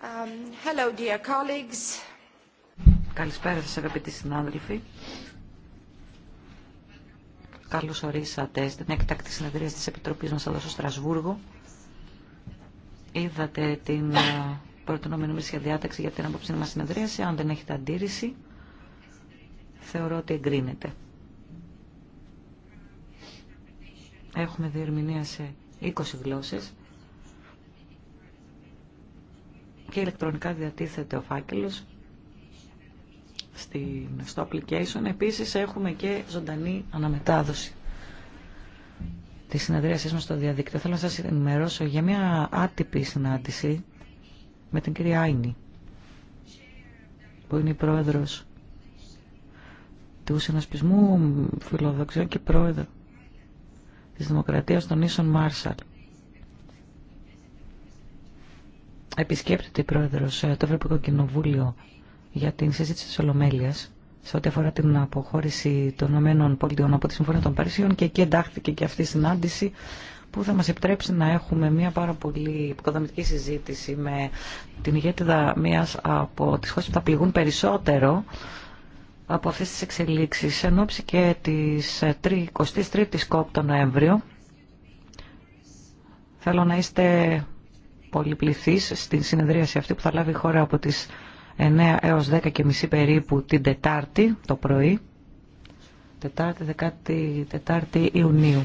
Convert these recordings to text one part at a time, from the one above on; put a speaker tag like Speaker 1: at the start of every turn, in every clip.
Speaker 1: Um, Καλησπέρα σας αγαπητοί συνάδελφοι. Καλώς ορίσατε στην έκτακτη συνεδρία της Επιτροπής μας εδώ στο Στρασβούργο. Είδατε την ε, προτινόμενη μισή διάταξη για την απόψη μας συνεδρίαση. Αν δεν έχετε αντίρρηση, θεωρώ ότι εγκρίνεται. Έχουμε διερμηνία σε 20 γλώσσες. και ηλεκτρονικά διατίθεται ο φάκελος στο application. Επίσης έχουμε και ζωντανή αναμετάδοση τη συνεδρίασής μας στο διαδίκτυο. Θέλω να σας ενημερώσω για μια άτυπη συνάντηση με την κυρία Άινη, που είναι η πρόεδρος του Συνασπισμού Φιλοδοξιών και πρόεδρο της Δημοκρατίας των Ίσων Μάρσαλ. επισκέπτεται η Πρόεδρος ε, το Ευρωπαϊκό Κοινοβούλιο για την συζήτηση της Ολομέλειας σε ό,τι αφορά την αποχώρηση των ΗΠΑ από τη Συμφωνία των Παρισίων και εκεί εντάχθηκε και αυτή η συνάντηση που θα μας επιτρέψει να έχουμε μια πάρα πολύ υποκοδομητική συζήτηση με την ηγέτηδα μιας από τις χώρες που θα πληγούν περισσότερο από αυτές τις εξελίξεις εν και της 23ης ε, κόπτο Νοέμβριο. Θέλω να είστε πολυπληθής στην συνεδρίαση αυτή που θα λάβει η χώρα από τις 9 έως 10 και μισή περίπου την Τετάρτη το πρωί. Τετάρτη, 14 Τετάρτη Ιουνίου.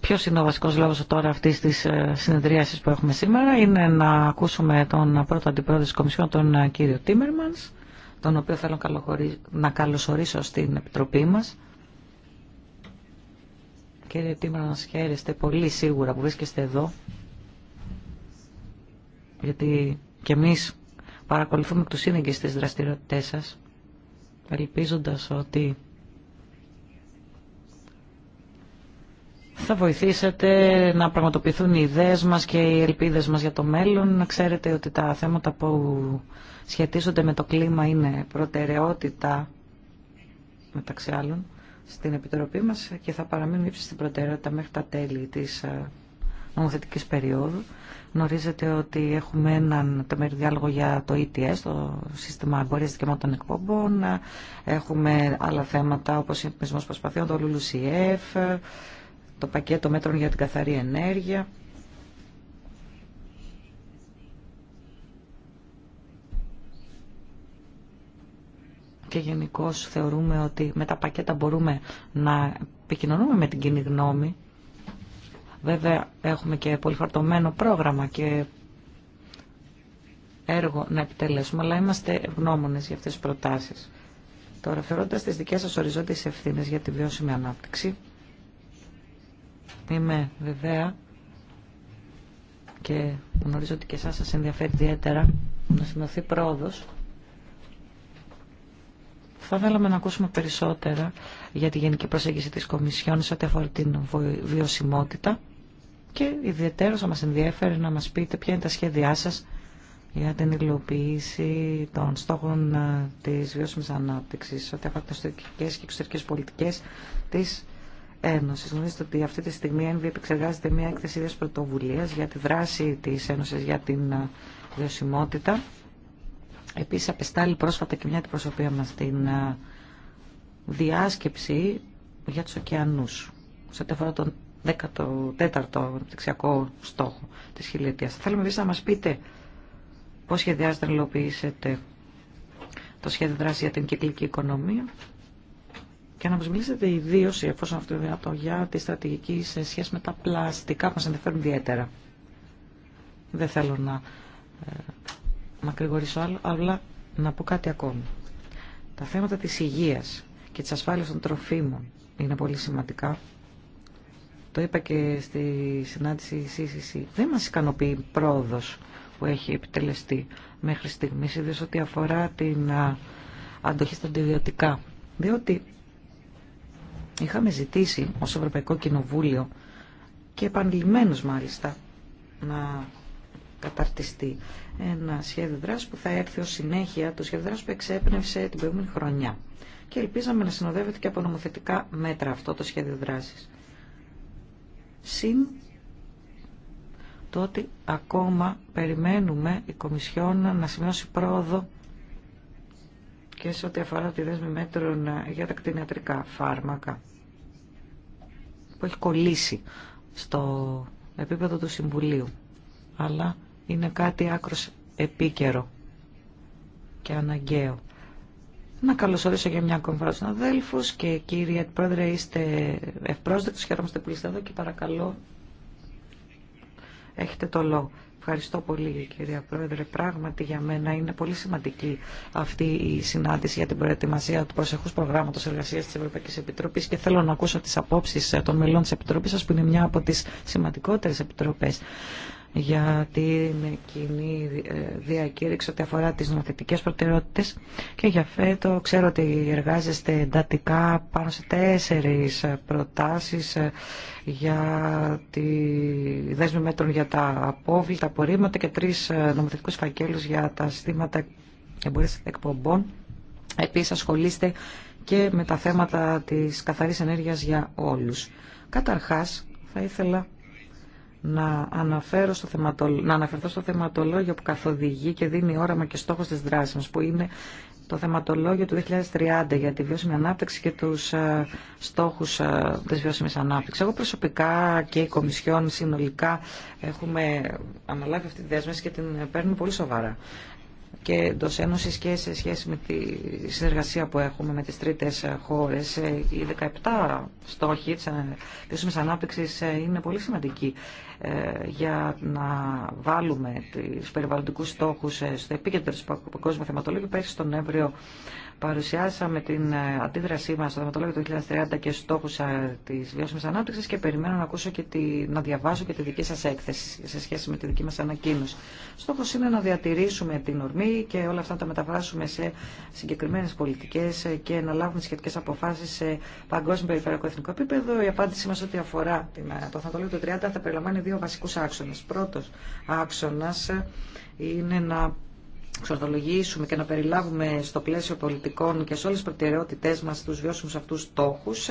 Speaker 1: Ποιος είναι ο βασικός λόγος τώρα αυτής της ε, συνεδρίασης που έχουμε σήμερα είναι να ακούσουμε τον πρώτο αντιπρόεδρο της Κομισιόν, τον ε, κύριο Τίμερμανς τον οποίο θέλω να καλωσορίσω στην Επιτροπή μας. Κύριε να χαίρεστε πολύ σίγουρα που βρίσκεστε εδώ, γιατί και εμείς παρακολουθούμε τους του σύνεγγυς τις δραστηριότητές σας, ελπίζοντας ότι θα βοηθήσετε να πραγματοποιηθούν οι ιδέες μας και οι ελπίδες μας για το μέλλον. Να ξέρετε ότι τα θέματα που σχετίζονται με το κλίμα είναι προτεραιότητα μεταξύ άλλων στην Επιτροπή μας και θα παραμείνουν ύψη στην προτεραιότητα μέχρι τα τέλη της ε, νομοθετικής περίοδου. Γνωρίζετε ότι έχουμε έναν τεμερή διάλογο για το ETS, το Σύστημα Εμπορίας Δικαιωμάτων Εκπομπών. Έχουμε άλλα θέματα όπως ο Υπνισμός Προσπαθειών, το LULUCF, το πακέτο μέτρων για την καθαρή ενέργεια. Και γενικώ θεωρούμε ότι με τα πακέτα μπορούμε να επικοινωνούμε με την κοινή γνώμη. Βέβαια έχουμε και πολυφαρτωμένο πρόγραμμα και έργο να επιτελέσουμε, αλλά είμαστε ευγνώμονες για αυτές τις προτάσεις. Τώρα, φερόντας τις δικές σας οριζόντιες ευθύνες για τη βιώσιμη ανάπτυξη, Είμαι βεβαία και γνωρίζω ότι και εσάς σας ενδιαφέρει ιδιαίτερα να συνοθεί πρόοδος. Θα θέλαμε να ακούσουμε περισσότερα για τη γενική προσέγγιση της Κομισιόν σε ό,τι αφορά την βιωσιμότητα και ιδιαίτερα θα μας ενδιαφέρει να μας πείτε ποια είναι τα σχέδιά σας για την υλοποίηση των στόχων ε, της βιώσιμης ανάπτυξης ό,τι αφορά τις και εξωτερικές πολιτικές της Ένωση. Γνωρίζετε ότι αυτή τη στιγμή η ΕΝΒΙ επεξεργάζεται μια έκθεση ίδια πρωτοβουλία για τη δράση τη Ένωση για την ε, βιωσιμότητα. Επίση, απεστάλλει πρόσφατα και μια αντιπροσωπεία μα την ε, διάσκεψη για του ωκεανού, σε ό,τι αφορά τον 14ο αναπτυξιακό στόχο τη χιλιετία. Θέλουμε επίση να μα πείτε πώ σχεδιάζετε να υλοποιήσετε το σχέδιο δράση για την κυκλική οικονομία και να μα μιλήσετε ιδίω εφόσον αυτό είναι δυνατό, για τη στρατηγική σε σχέση με τα πλαστικά που μα ενδιαφέρουν ιδιαίτερα. Δεν θέλω να μακρηγορήσω ε, άλλο, αλλά να πω κάτι ακόμη. Τα θέματα της υγείας και της ασφάλειας των τροφίμων είναι πολύ σημαντικά. Το είπα και στη συνάντηση ΣΥΣΥΣΥ. Δεν μας ικανοποιεί πρόοδος που έχει επιτελεστεί μέχρι στιγμής, ιδίως ό,τι αφορά την ε, αντοχή στα αντιβιωτικά. Διότι Είχαμε ζητήσει ως Ευρωπαϊκό Κοινοβούλιο και επανειλημμένως μάλιστα να καταρτιστεί ένα σχέδιο δράσης που θα έρθει ως συνέχεια το σχέδιο δράσης που εξέπνευσε την προηγούμενη χρονιά. Και ελπίζαμε να συνοδεύεται και από νομοθετικά μέτρα αυτό το σχέδιο δράσης. Συν το ότι ακόμα περιμένουμε η Κομισιόν να σημειώσει πρόοδο και σε ό,τι αφορά τη δέσμη μέτρων ε, για τα κτηνιατρικά φάρμακα που έχει κολλήσει στο επίπεδο του Συμβουλίου αλλά είναι κάτι άκρος επίκαιρο και αναγκαίο. Να καλωσορίσω για μια ακόμη φορά του αδέλφους και κύριε Πρόεδρε, είστε ευπρόσδεκτο. Χαίρομαι που είστε εδώ και παρακαλώ έχετε το λόγο. Ευχαριστώ πολύ κυρία Πρόεδρε. Πράγματι για μένα είναι πολύ σημαντική αυτή η συνάντηση για την προετοιμασία του προσεχούς προγράμματος εργασίας της Ευρωπαϊκής Επιτροπής και θέλω να ακούσω τις απόψεις των μελών της Επιτροπής σας που είναι μια από τις σημαντικότερες επιτροπές για την κοινή ε, διακήρυξη ότι αφορά τις νομοθετικές προτεραιότητες και για φέτο ξέρω ότι εργάζεστε εντατικά πάνω σε τέσσερις προτάσεις ε, για τη δέσμη μέτρων για τα απόβλητα, απορρίμματα και τρεις ε, νομοθετικούς φακέλους για τα συστήματα εμπορίας εκπομπών. Επίσης ασχολείστε και με τα θέματα της καθαρής ενέργειας για όλους. Καταρχάς θα ήθελα να, αναφέρω στο να αναφερθώ στο θεματολόγιο που καθοδηγεί και δίνει όραμα και στόχο τη δράση μας, που είναι το θεματολόγιο του 2030 για τη βιώσιμη ανάπτυξη και τους ε, στόχους ε, της βιώσιμης ανάπτυξης. Εγώ προσωπικά και οι Κομισιόν συνολικά έχουμε αναλάβει αυτή τη δέσμευση και την παίρνουμε πολύ σοβαρά και εντό Ένωση και σε σχέση με τη συνεργασία που έχουμε με τι τρίτε χώρε. Ε, οι 17 στόχοι τη βιώσιμη ε, ανάπτυξη ε, είναι πολύ σημαντικοί για να βάλουμε του περιβαλλοντικού στόχου στο επίκεντρο του παγκόσμιου θεματολογία. Πέρσι τον Νοέμβριο Παρουσιάσαμε την ε, αντίδρασή μα στο Θεματολόγιο του 2030 και στόχου ε, τη βιώσιμη ανάπτυξη και περιμένω να, ακούσω και τη, να διαβάσω και τη δική σα έκθεση σε σχέση με τη δική μα ανακοίνωση. Στόχο είναι να διατηρήσουμε την ορμή και όλα αυτά να τα μεταφράσουμε σε συγκεκριμένε πολιτικέ ε, και να λάβουμε σχετικέ αποφάσει σε παγκόσμιο περιφερειακό εθνικό επίπεδο. Η απάντησή μα ό,τι αφορά το Θεματολόγιο του 30 θα περιλαμβάνει δύο βασικού άξονε. Πρώτο άξονα είναι να ξορθολογήσουμε και να περιλάβουμε στο πλαίσιο πολιτικών και σε όλες τις προτεραιότητές μας τους βιώσιμους αυτούς στόχους,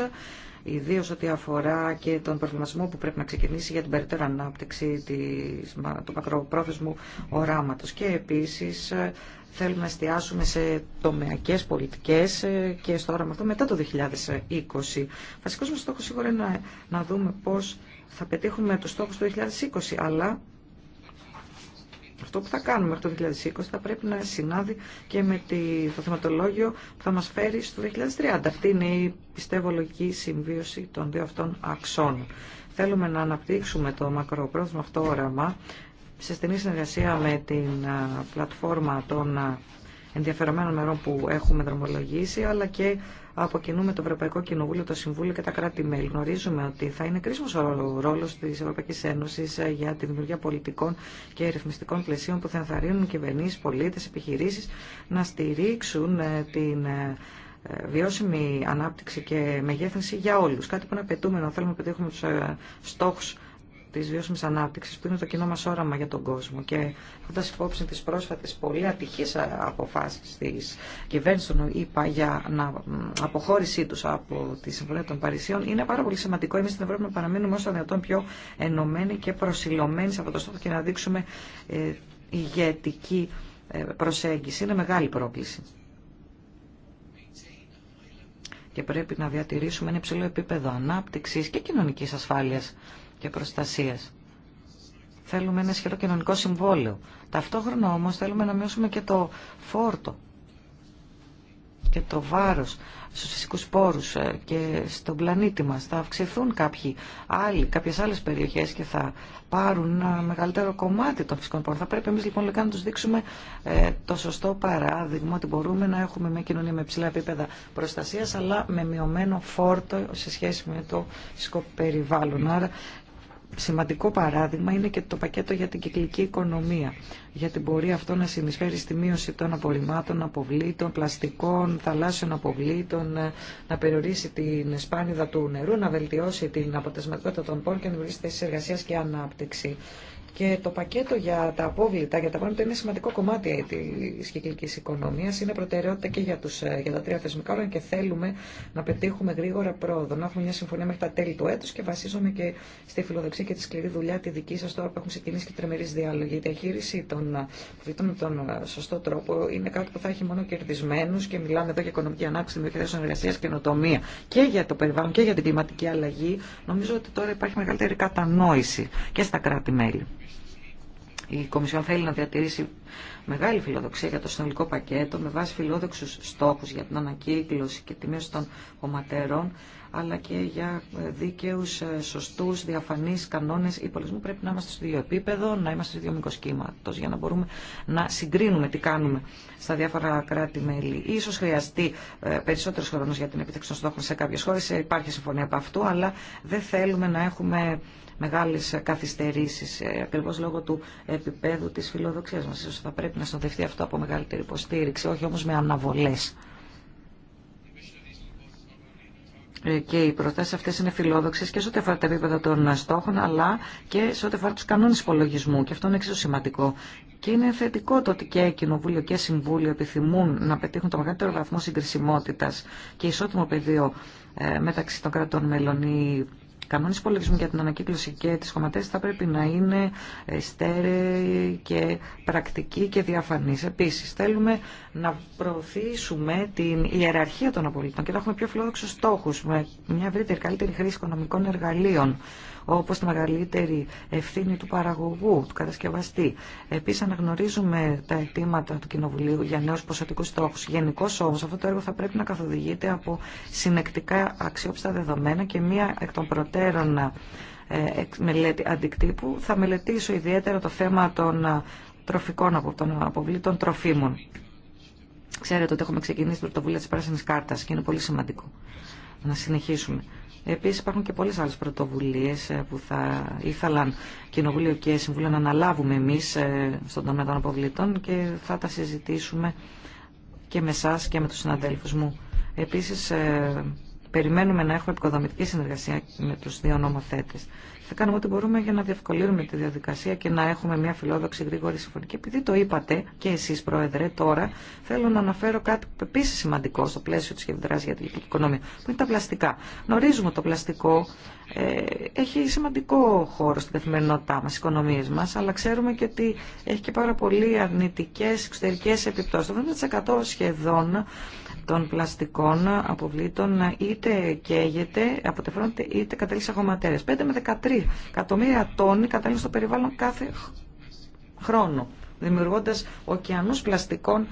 Speaker 1: ιδίω ό,τι αφορά και τον προβληματισμό που πρέπει να ξεκινήσει για την περαιτέρω ανάπτυξη της, του μακροπρόθεσμου οράματος. Και επίσης ε, θέλουμε να εστιάσουμε σε τομεακές πολιτικές ε, και στο όραμα αυτό μετά το 2020. Βασικός μας στόχος σίγουρα είναι να, να δούμε πώς θα πετύχουμε τους στόχους του 2020, αλλά αυτό που θα κάνουμε μέχρι το 2020 θα πρέπει να συνάδει και με το θεματολόγιο που θα μας φέρει στο 2030. Αυτή είναι η πιστεύω λογική συμβίωση των δύο αυτών αξών. Θέλουμε να αναπτύξουμε το μακροπρόθεσμο αυτό όραμα σε στενή συνεργασία με την πλατφόρμα των ενδιαφερομένων μερών που έχουμε δρομολογήσει, αλλά και από με το Ευρωπαϊκό Κοινοβούλιο, το Συμβούλιο και τα κράτη-μέλη. Γνωρίζουμε ότι θα είναι κρίσιμο ο ρόλο τη Ευρωπαϊκή Ένωση ε, για τη δημιουργία πολιτικών και ρυθμιστικών πλαισίων που θα ενθαρρύνουν κυβερνήσει, πολίτε, επιχειρήσει να στηρίξουν ε, την ε, βιώσιμη ανάπτυξη και μεγέθυνση για όλου. Κάτι που είναι απαιτούμενο, θέλουμε να πετύχουμε του στόχους Τη βιώσιμη ανάπτυξη, που είναι το κοινό μα όραμα για τον κόσμο και έχοντα υπόψη τι πρόσφατε πολύ ατυχεί αποφάσει τη κυβέρνηση των ΗΠΑ για να, αποχώρησή του από τη Συμφωνία των Παρισίων είναι πάρα πολύ σημαντικό Εμεί στην Ευρώπη να παραμείνουμε όσο δυνατόν πιο ενωμένοι και προσιλωμένοι σε αυτό το στόχο και να δείξουμε ε, ηγετική ε, προσέγγιση. Είναι μεγάλη πρόκληση και πρέπει να διατηρήσουμε ένα υψηλό επίπεδο ανάπτυξη και κοινωνικής ασφάλειας και προστασία. Θέλουμε ένα ισχυρό κοινωνικό συμβόλαιο. Ταυτόχρονα όμω, θέλουμε να μειώσουμε και το φόρτο και το βάρο στου φυσικού πόρου ε, και στον πλανήτη μα. Θα αυξηθούν κάποιοι άλλοι, κάποιες άλλες περιοχές και θα πάρουν ένα μεγαλύτερο κομμάτι των φυσικών πόρων. Θα πρέπει εμεί λοιπόν να του δείξουμε ε, το σωστό παράδειγμα ότι μπορούμε να έχουμε μια κοινωνία με ψηλά επίπεδα προστασία, αλλά με μειωμένο φόρτο σε σχέση με το φυσικό περιβάλλον. Άρα σημαντικό παράδειγμα είναι και το πακέτο για την κυκλική οικονομία. Γιατί μπορεί αυτό να συνεισφέρει στη μείωση των απορριμμάτων, αποβλήτων, πλαστικών, θαλάσσιων αποβλήτων, ε, να περιορίσει την σπάνιδα του νερού, να βελτιώσει την αποτελεσματικότητα των πόρων και να δημιουργήσει θέσει εργασία και ανάπτυξη. Και το πακέτο για τα απόβλητα, για τα πάνω, είναι σημαντικό κομμάτι τη κυκλική οικονομία. Είναι προτεραιότητα και για, τους, ε, για τα τρία θεσμικά όργανα και θέλουμε να πετύχουμε γρήγορα πρόοδο. Να έχουμε μια συμφωνία μέχρι τα τέλη του έτου και βασίζομαι και στη φιλοδοξία και τη σκληρή δουλειά τη δική σα τώρα που έχουν ξεκινήσει και τρεμερεί διάλογοι. Η διαχείριση των φοιτών με τον ε, σωστό τρόπο είναι κάτι που θα έχει μόνο κερδισμένου και μιλάμε εδώ για οικονομική ανάπτυξη, δημιουργία εργασία, καινοτομία και για το περιβάλλον και για την κλιματική αλλαγή. Νομίζω ότι τώρα υπάρχει μεγαλύτερη κατανόηση και στα κράτη-μέλη. Η Κομισιόν θέλει να διατηρήσει μεγάλη φιλοδοξία για το συνολικό πακέτο με βάση φιλόδοξους στόχους για την ανακύκλωση και τη μείωση των οματερών αλλά και για ε, δίκαιους, ε, σωστούς, διαφανείς κανόνες υπολογισμού. Πρέπει να είμαστε στο ίδιο επίπεδο, να είμαστε στο ίδιο μικρό για να μπορούμε να συγκρίνουμε τι κάνουμε στα διάφορα κράτη-μέλη. Ίσως χρειαστεί ε, περισσότερος χρόνο για την επίτευξη των στόχων σε κάποιες χώρες. Υπάρχει συμφωνία από αυτού, αλλά δεν θέλουμε να έχουμε μεγάλες καθυστερήσεις ε, ακριβώς λόγω του επίπεδου της φιλοδοξίας μας. Ίσως θα πρέπει να συνοδευτεί αυτό από μεγαλύτερη υποστήριξη, όχι όμως με αναβολές. Ε, και οι προτάσει αυτέ είναι φιλόδοξε και σε ό,τι αφορά τα επίπεδα των στόχων, αλλά και σε ό,τι αφορά του κανόνε υπολογισμού. Και αυτό είναι εξίσου σημαντικό. Και είναι θετικό το ότι και Κοινοβούλιο και Συμβούλιο επιθυμούν να πετύχουν το μεγαλύτερο βαθμό συγκρισιμότητα και ισότιμο πεδίο ε, μεταξύ των κρατών μελών. Οι κανόνες υπολογισμού για την ανακύκλωση και τις χωματές θα πρέπει να είναι στέρεοι και πρακτικοί και διαφανείς. Επίσης, θέλουμε να προωθήσουμε την ιεραρχία των απολύτων και να έχουμε πιο φιλόδοξους στόχους με μια ευρύτερη καλύτερη χρήση οικονομικών εργαλείων όπως τη μεγαλύτερη ευθύνη του παραγωγού, του κατασκευαστή. Επίσης αναγνωρίζουμε τα αιτήματα του Κοινοβουλίου για νέους ποσοτικούς στόχους. Γενικώ όμως αυτό το έργο θα πρέπει να καθοδηγείται από συνεκτικά αξιόπιστα δεδομένα και μία εκ των προτέρων ε, μελέτη αντικτύπου. Θα μελετήσω ιδιαίτερα το θέμα των ε, τροφικών αποβλήτων τροφίμων. Ξέρετε ότι έχουμε ξεκινήσει την πρωτοβουλία της Πράσινης Κάρτας και είναι πολύ σημαντικό να συνεχίσουμε. Επίσης υπάρχουν και πολλές άλλες πρωτοβουλίες ε, που θα ήθελαν Κοινοβούλιο και Συμβούλιο να αναλάβουμε εμείς ε, στον τομέα των αποβλητών και θα τα συζητήσουμε και με εσά και με τους συναδέλφους μου. Επίσης ε, περιμένουμε να έχουμε επικοδομητική συνεργασία με τους δύο νομοθέτες. Θα κάνουμε ό,τι μπορούμε για να διευκολύνουμε τη διαδικασία και να έχουμε μια φιλόδοξη γρήγορη συμφωνία. Και επειδή το είπατε και εσεί, Πρόεδρε, τώρα θέλω να αναφέρω κάτι επίση σημαντικό στο πλαίσιο τη κεντρά για την οικονομία, που είναι τα πλαστικά. Γνωρίζουμε το πλαστικό ε, έχει σημαντικό χώρο στην καθημερινότητά μας, στις οικονομίες μας, αλλά ξέρουμε και ότι έχει και πάρα πολύ αρνητικές εξωτερικές επιπτώσεις. Το 70% σχεδόν των πλαστικών αποβλήτων είτε καίγεται, αποτεφρώνεται είτε κατέληξε σε 5 με 13 εκατομμύρια τόνοι κατέληξε στο περιβάλλον κάθε χρόνο, δημιουργώντας ωκεανούς πλαστικών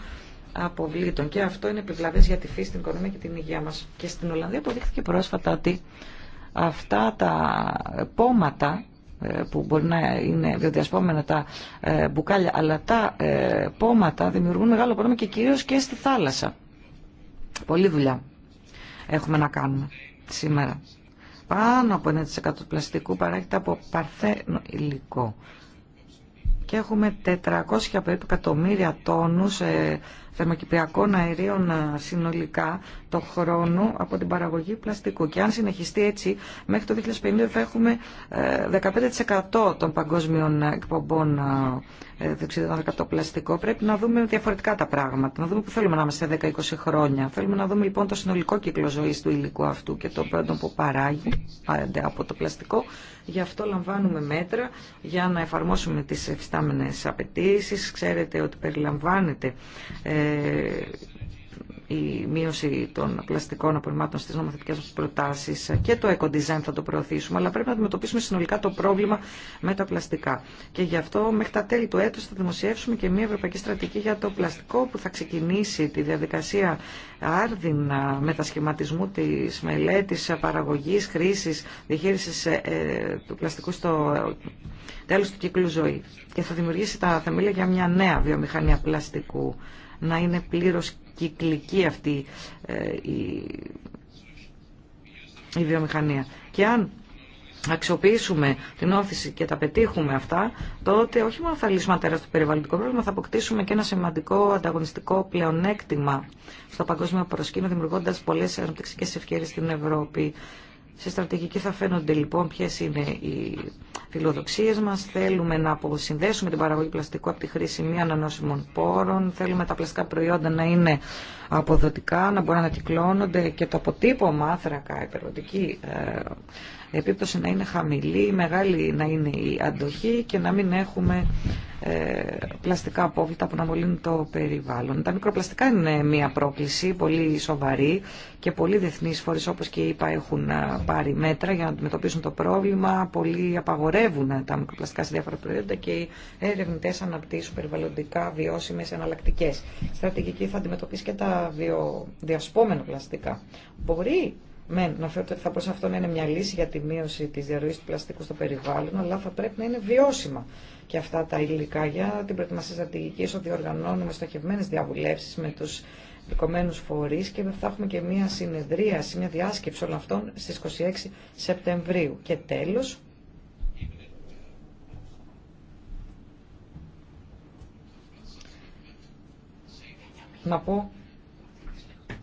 Speaker 1: αποβλήτων. Και αυτό είναι επιβλαβές για τη φύση, την οικονομία και την υγεία μας. Και στην Ολλανδία αποδείχθηκε πρόσφατα ότι αυτά τα πόματα ε, που μπορεί να είναι βιοδιασπόμενα, τα ε, μπουκάλια, αλλά τα ε, πόματα δημιουργούν μεγάλο πρόβλημα και κυρίως και στη θάλασσα. Πολύ δουλειά έχουμε να κάνουμε σήμερα. Πάνω από 1% του πλαστικού παράγεται από παρθένο υλικό και έχουμε 400 περίπου εκατομμύρια τόνους ε, θερμοκυπριακών αερίων ε, συνολικά το χρόνο από την παραγωγή πλαστικού. Και αν συνεχιστεί έτσι, μέχρι το 2050 θα έχουμε 15% ε, των παγκόσμιων εκπομπών ε, διοξείδιο το πλαστικό, πρέπει να δούμε διαφορετικά τα πράγματα. Να δούμε που θέλουμε να είμαστε 10-20 χρόνια. Θέλουμε να δούμε λοιπόν το συνολικό κύκλο ζωή του υλικού αυτού και το πρώτο που παράγει από το πλαστικό. Γι' αυτό λαμβάνουμε μέτρα για να εφαρμόσουμε τι εφιστάμενε απαιτήσει. Ξέρετε ότι περιλαμβάνεται ε, η μείωση των πλαστικών απορριμμάτων στις νομοθετικές μας προτάσεις και το eco design θα το προωθήσουμε, αλλά πρέπει να αντιμετωπίσουμε συνολικά το πρόβλημα με τα πλαστικά. Και γι' αυτό μέχρι τα τέλη του έτους θα δημοσιεύσουμε και μια ευρωπαϊκή στρατηγική για το πλαστικό που θα ξεκινήσει τη διαδικασία άρδινα μετασχηματισμού της μελέτης, παραγωγής, χρήσης, διαχείρισης ε, του πλαστικού στο τέλος του κύκλου ζωής. Και θα δημιουργήσει τα θεμέλια για μια νέα βιομηχανία πλαστικού να είναι πλήρως κυκλική αυτή ε, η, βιομηχανία. Και αν αξιοποιήσουμε την όθηση και τα πετύχουμε αυτά, τότε όχι μόνο θα λύσουμε τέρας τεράστιο περιβαλλοντικό πρόβλημα, θα αποκτήσουμε και ένα σημαντικό ανταγωνιστικό πλεονέκτημα στο παγκόσμιο προσκήνιο, δημιουργώντα πολλέ αναπτυξικέ ευκαιρίε στην Ευρώπη. Σε στρατηγική θα φαίνονται λοιπόν ποιε είναι οι φιλοδοξίες μας. Θέλουμε να αποσυνδέσουμε την παραγωγή πλαστικού από τη χρήση μη ανανόσιμων πόρων. Θέλουμε τα πλαστικά προϊόντα να είναι αποδοτικά, να μπορούν να κυκλώνονται και το αποτύπωμα άθρακα, ε, επίπτωση να είναι χαμηλή, μεγάλη να είναι η αντοχή και να μην έχουμε ε, πλαστικά απόβλητα που να μολύνουν το περιβάλλον. Τα μικροπλαστικά είναι μια πρόκληση πολύ σοβαρή και πολλοί διεθνεί φορεί όπω και είπα έχουν ε, πάρει μέτρα για να αντιμετωπίσουν το πρόβλημα. Πολλοί απαγορεύουν δουλεύουν τα μικροπλαστικά σε διάφορα προϊόντα και οι ερευνητέ αναπτύσσουν περιβαλλοντικά βιώσιμε εναλλακτικέ. Η στρατηγική θα αντιμετωπίσει και τα διασπόμενα πλαστικά. Μπορεί με, να φέρω ότι θα μπορούσε αυτό να είναι μια λύση για τη μείωση τη διαρροή του πλαστικού στο περιβάλλον, αλλά θα πρέπει να είναι βιώσιμα και αυτά τα υλικά για την προετοιμασία στρατηγική, ότι οργανώνουμε στοχευμένε διαβουλεύσει με του δικομένου φορεί και θα έχουμε και μια συνεδρίαση, μια διάσκεψη όλων αυτών στι 26 Σεπτεμβρίου. Και τέλο, να πω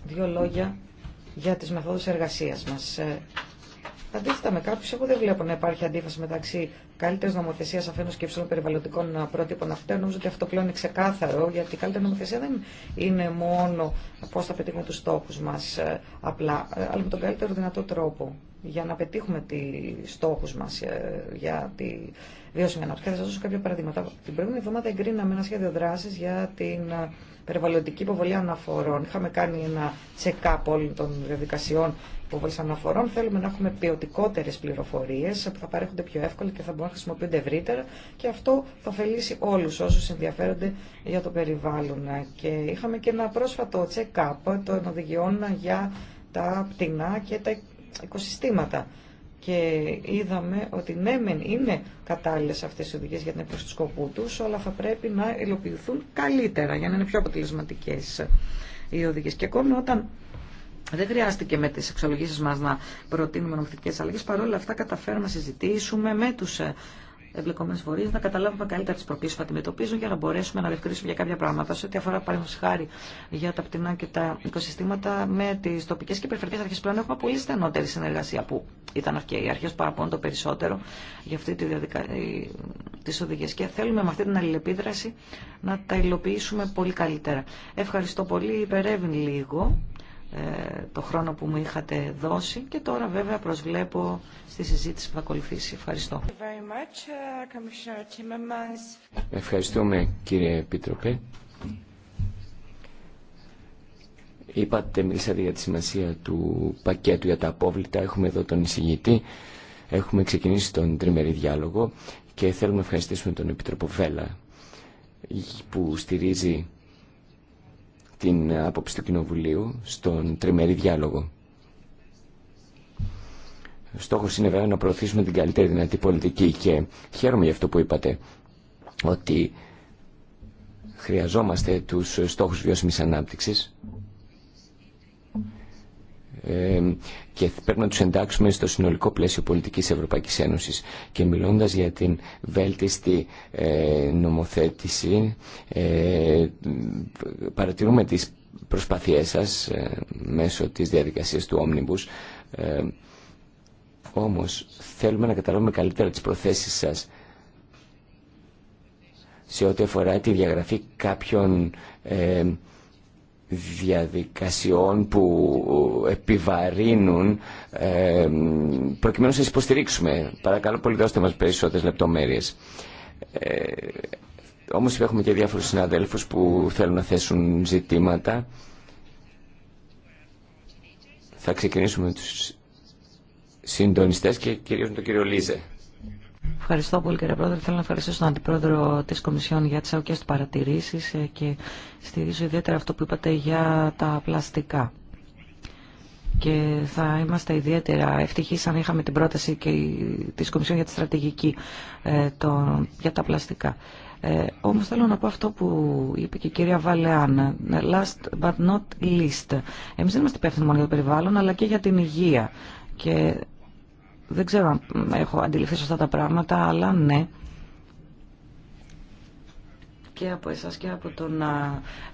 Speaker 1: δύο λόγια για τις μεθόδους εργασίας μας. Ε, αντίθετα με κάποιους, εγώ δεν βλέπω να υπάρχει αντίφαση μεταξύ καλύτερης νομοθεσίας αφενό και υψηλών περιβαλλοντικών πρότυπων αυτών. Νομίζω ότι αυτό πλέον είναι ξεκάθαρο, γιατί η καλύτερη νομοθεσία δεν είναι μόνο πώς θα πετύχουμε του στόχου μα ε, απλά, ε, αλλά με τον καλύτερο δυνατό τρόπο για να πετύχουμε τι στόχους μας ε, για τη βιώσιμη ανάπτυξη. Θα σας δώσω κάποια παραδείγματα. Την προηγούμενη εβδομάδα εγκρίναμε ένα σχέδιο δράσης για την ε, περιβαλλοντική υποβολή αναφορών. Είχαμε κάνει ένα check-up όλων των διαδικασιών υποβολή αναφορών. Θέλουμε να έχουμε ποιοτικότερε πληροφορίε που θα παρέχονται πιο εύκολα και θα μπορούν να χρησιμοποιούνται ευρύτερα και αυτό θα ωφελήσει όλου όσου ενδιαφέρονται για το περιβάλλον. Και είχαμε και ένα πρόσφατο check-up των οδηγιών για τα πτηνά και τα οικοσυστήματα. Και είδαμε ότι ναι, μεν είναι κατάλληλε αυτέ οι οδηγίε για την έκπληξη του σκοπού του, αλλά θα πρέπει να υλοποιηθούν καλύτερα για να είναι πιο αποτελεσματικέ οι οδηγίε. Και ακόμη όταν δεν χρειάστηκε με τι εξολογήσει μα να προτείνουμε νομοθετικέ αλλαγέ, παρόλα αυτά καταφέραμε να συζητήσουμε με του ε, εμπλεκόμενε φορεί να καταλάβουμε καλύτερα τι προκλήσει που αντιμετωπίζουν για να μπορέσουμε να διευκρινίσουμε για κάποια πράγματα. Σε ό,τι αφορά, παραδείγματο χάρη, για τα πτηνά και τα οικοσυστήματα, με τι τοπικέ και περιφερειακέ αρχέ πλέον έχουμε πολύ στενότερη συνεργασία που ήταν και οι αρχέ παραπώνουν το περισσότερο για αυτή τη διαδικασία, τι οδηγίε. Και θέλουμε με αυτή την αλληλεπίδραση να τα υλοποιήσουμε πολύ καλύτερα. Ευχαριστώ πολύ. Υπερεύει λίγο ε, το χρόνο που μου είχατε δώσει και τώρα βέβαια προσβλέπω στη συζήτηση που θα ακολουθήσει. Ευχαριστώ. Uh,
Speaker 2: Ευχαριστούμε κύριε Επίτροπε. Είπατε, μιλήσατε για τη σημασία του πακέτου για τα απόβλητα. Έχουμε εδώ τον εισηγητή. Έχουμε ξεκινήσει τον τριμερή διάλογο και θέλουμε να ευχαριστήσουμε τον Επίτροπο Βέλα που στηρίζει την άποψη του Κοινοβουλίου στον τριμερή διάλογο. Στόχο είναι βέβαια να προωθήσουμε την καλύτερη δυνατή πολιτική και χαίρομαι για αυτό που είπατε, ότι χρειαζόμαστε τους στόχους βιώσιμης ανάπτυξης και πρέπει να τους εντάξουμε στο συνολικό πλαίσιο πολιτικής Ευρωπαϊκής Ένωσης. Και μιλώντας για την βέλτιστη ε, νομοθέτηση, ε, παρατηρούμε τις προσπάθειές σας ε, μέσω της διαδικασίας του Omnibus, όμως θέλουμε να καταλάβουμε καλύτερα τις προθέσεις σας σε ό,τι αφορά τη διαγραφή κάποιων διαδικασιών που επιβαρύνουν προκειμένου να σας υποστηρίξουμε. Παρακαλώ πολύ δώστε μας περισσότερες λεπτομέρειες. Ε, όμως έχουμε και διάφορους συναδέλφους που θέλουν να θέσουν ζητήματα. Θα ξεκινήσουμε με τους συντονιστές και κυρίως με τον κύριο Λίζε.
Speaker 1: Ευχαριστώ πολύ κύριε Πρόεδρε. Θέλω να ευχαριστήσω τον Αντιπρόεδρο τη Κομισιόν για τι αοκέ του παρατηρήσει ε, και στηρίζω ιδιαίτερα αυτό που είπατε για τα πλαστικά. Και θα είμαστε ιδιαίτερα ευτυχεί αν είχαμε την πρόταση και τη Κομισιόν για τη στρατηγική ε, για τα πλαστικά. Ε, όμως θέλω να πω αυτό που είπε και η κυρία Βαλεάν, ε, last but not least. Εμείς δεν είμαστε υπεύθυνοι μόνο για το περιβάλλον, αλλά και για την υγεία. Και δεν ξέρω αν έχω αντιληφθεί σωστά τα πράγματα, αλλά ναι. Και από εσάς και από τον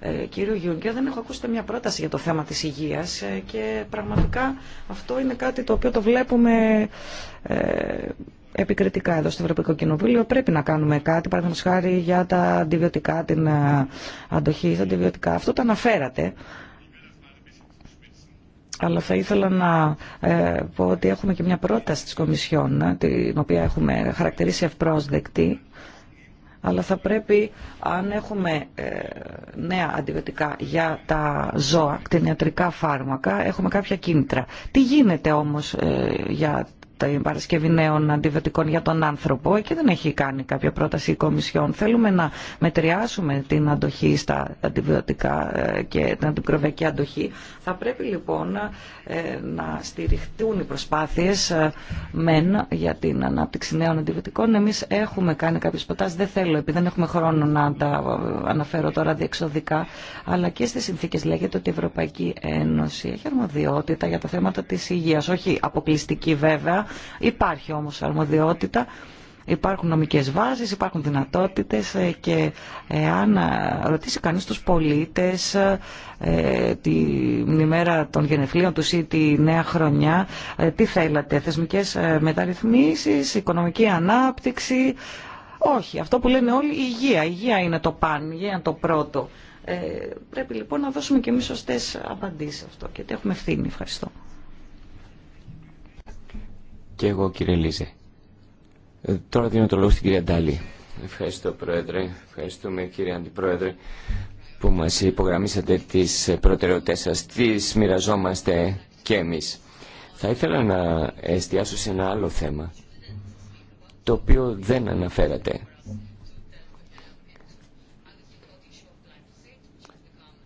Speaker 1: ε, κύριο Γιούνκερ δεν έχω ακούσει μια πρόταση για το θέμα της υγείας ε, και πραγματικά αυτό είναι κάτι το οποίο το βλέπουμε ε, επικριτικά εδώ στο Ευρωπαϊκό Κοινοβούλιο. Πρέπει να κάνουμε κάτι, παραδείγματο χάρη για τα αντιβιωτικά, την αντοχή στα αντιβιωτικά. Αυτό το αναφέρατε αλλά θα ήθελα να ε, πω ότι έχουμε και μια πρόταση της Κομισιόν, ε, την οποία έχουμε χαρακτηρίσει ευπρόσδεκτη, αλλά θα πρέπει αν έχουμε ε, νέα αντιβιωτικά για τα ζώα, κτηνιατρικά φάρμακα, έχουμε κάποια κίνητρα. Τι γίνεται όμως για την παρασκευή νέων αντιβιωτικών για τον άνθρωπο. και δεν έχει κάνει κάποια πρόταση η Κομισιόν. Θέλουμε να μετριάσουμε την αντοχή στα αντιβιωτικά ε, και την αντικροβιακή αντοχή. Θα πρέπει λοιπόν ε, να στηριχτούν οι προσπάθειες ε, μεν για την ανάπτυξη νέων αντιβιωτικών. Εμείς έχουμε κάνει κάποιες προτάσεις, δεν θέλω επειδή δεν έχουμε χρόνο να τα αναφέρω τώρα διεξοδικά, αλλά και στις συνθήκες λέγεται ότι η Ευρωπαϊκή Ένωση έχει αρμοδιότητα για τα θέματα της υγείας, όχι αποκλειστική βέβαια, Υπάρχει όμως αρμοδιότητα, υπάρχουν νομικές βάσεις, υπάρχουν δυνατότητες ε, και αν ε, ρωτήσει κανείς τους πολίτες ε, την ημέρα των γενεθλίων τους ή τη νέα χρονιά τι θέλατε, θεσμικές μεταρρυθμίσεις, οικονομική ανάπτυξη, όχι, αυτό που λένε όλοι η υγεία. Η υγεία είναι το πάνω, υγεία είναι το πρώτο. πρέπει λοιπόν να δώσουμε και εμεί σωστέ απαντήσει σε αυτό και ότι έχουμε ευθύνη. Ευχαριστώ.
Speaker 2: Και εγώ κύριε Λίζε. Ε, τώρα δίνω το λόγο στην κυρία Ντάλη. Ευχαριστώ Πρόεδρε, ευχαριστούμε κύριε Αντιπρόεδρε που μας υπογραμμίσατε τις προτεραιότητες σας. Τις μοιραζόμαστε και εμείς. Θα ήθελα να εστιάσω σε ένα άλλο θέμα το οποίο δεν αναφέρατε.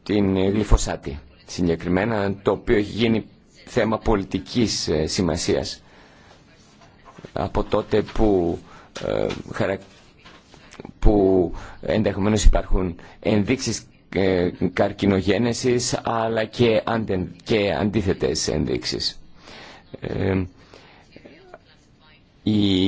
Speaker 2: Την γλυφοσάτη συγκεκριμένα, το οποίο έχει γίνει θέμα πολιτικής ε, σημασίας από τότε που, ε, που ενδεχομένως υπάρχουν ενδείξεις ε, καρκινογένεσης αλλά και, αντε... και αντίθετες ενδείξεις. Ε, οι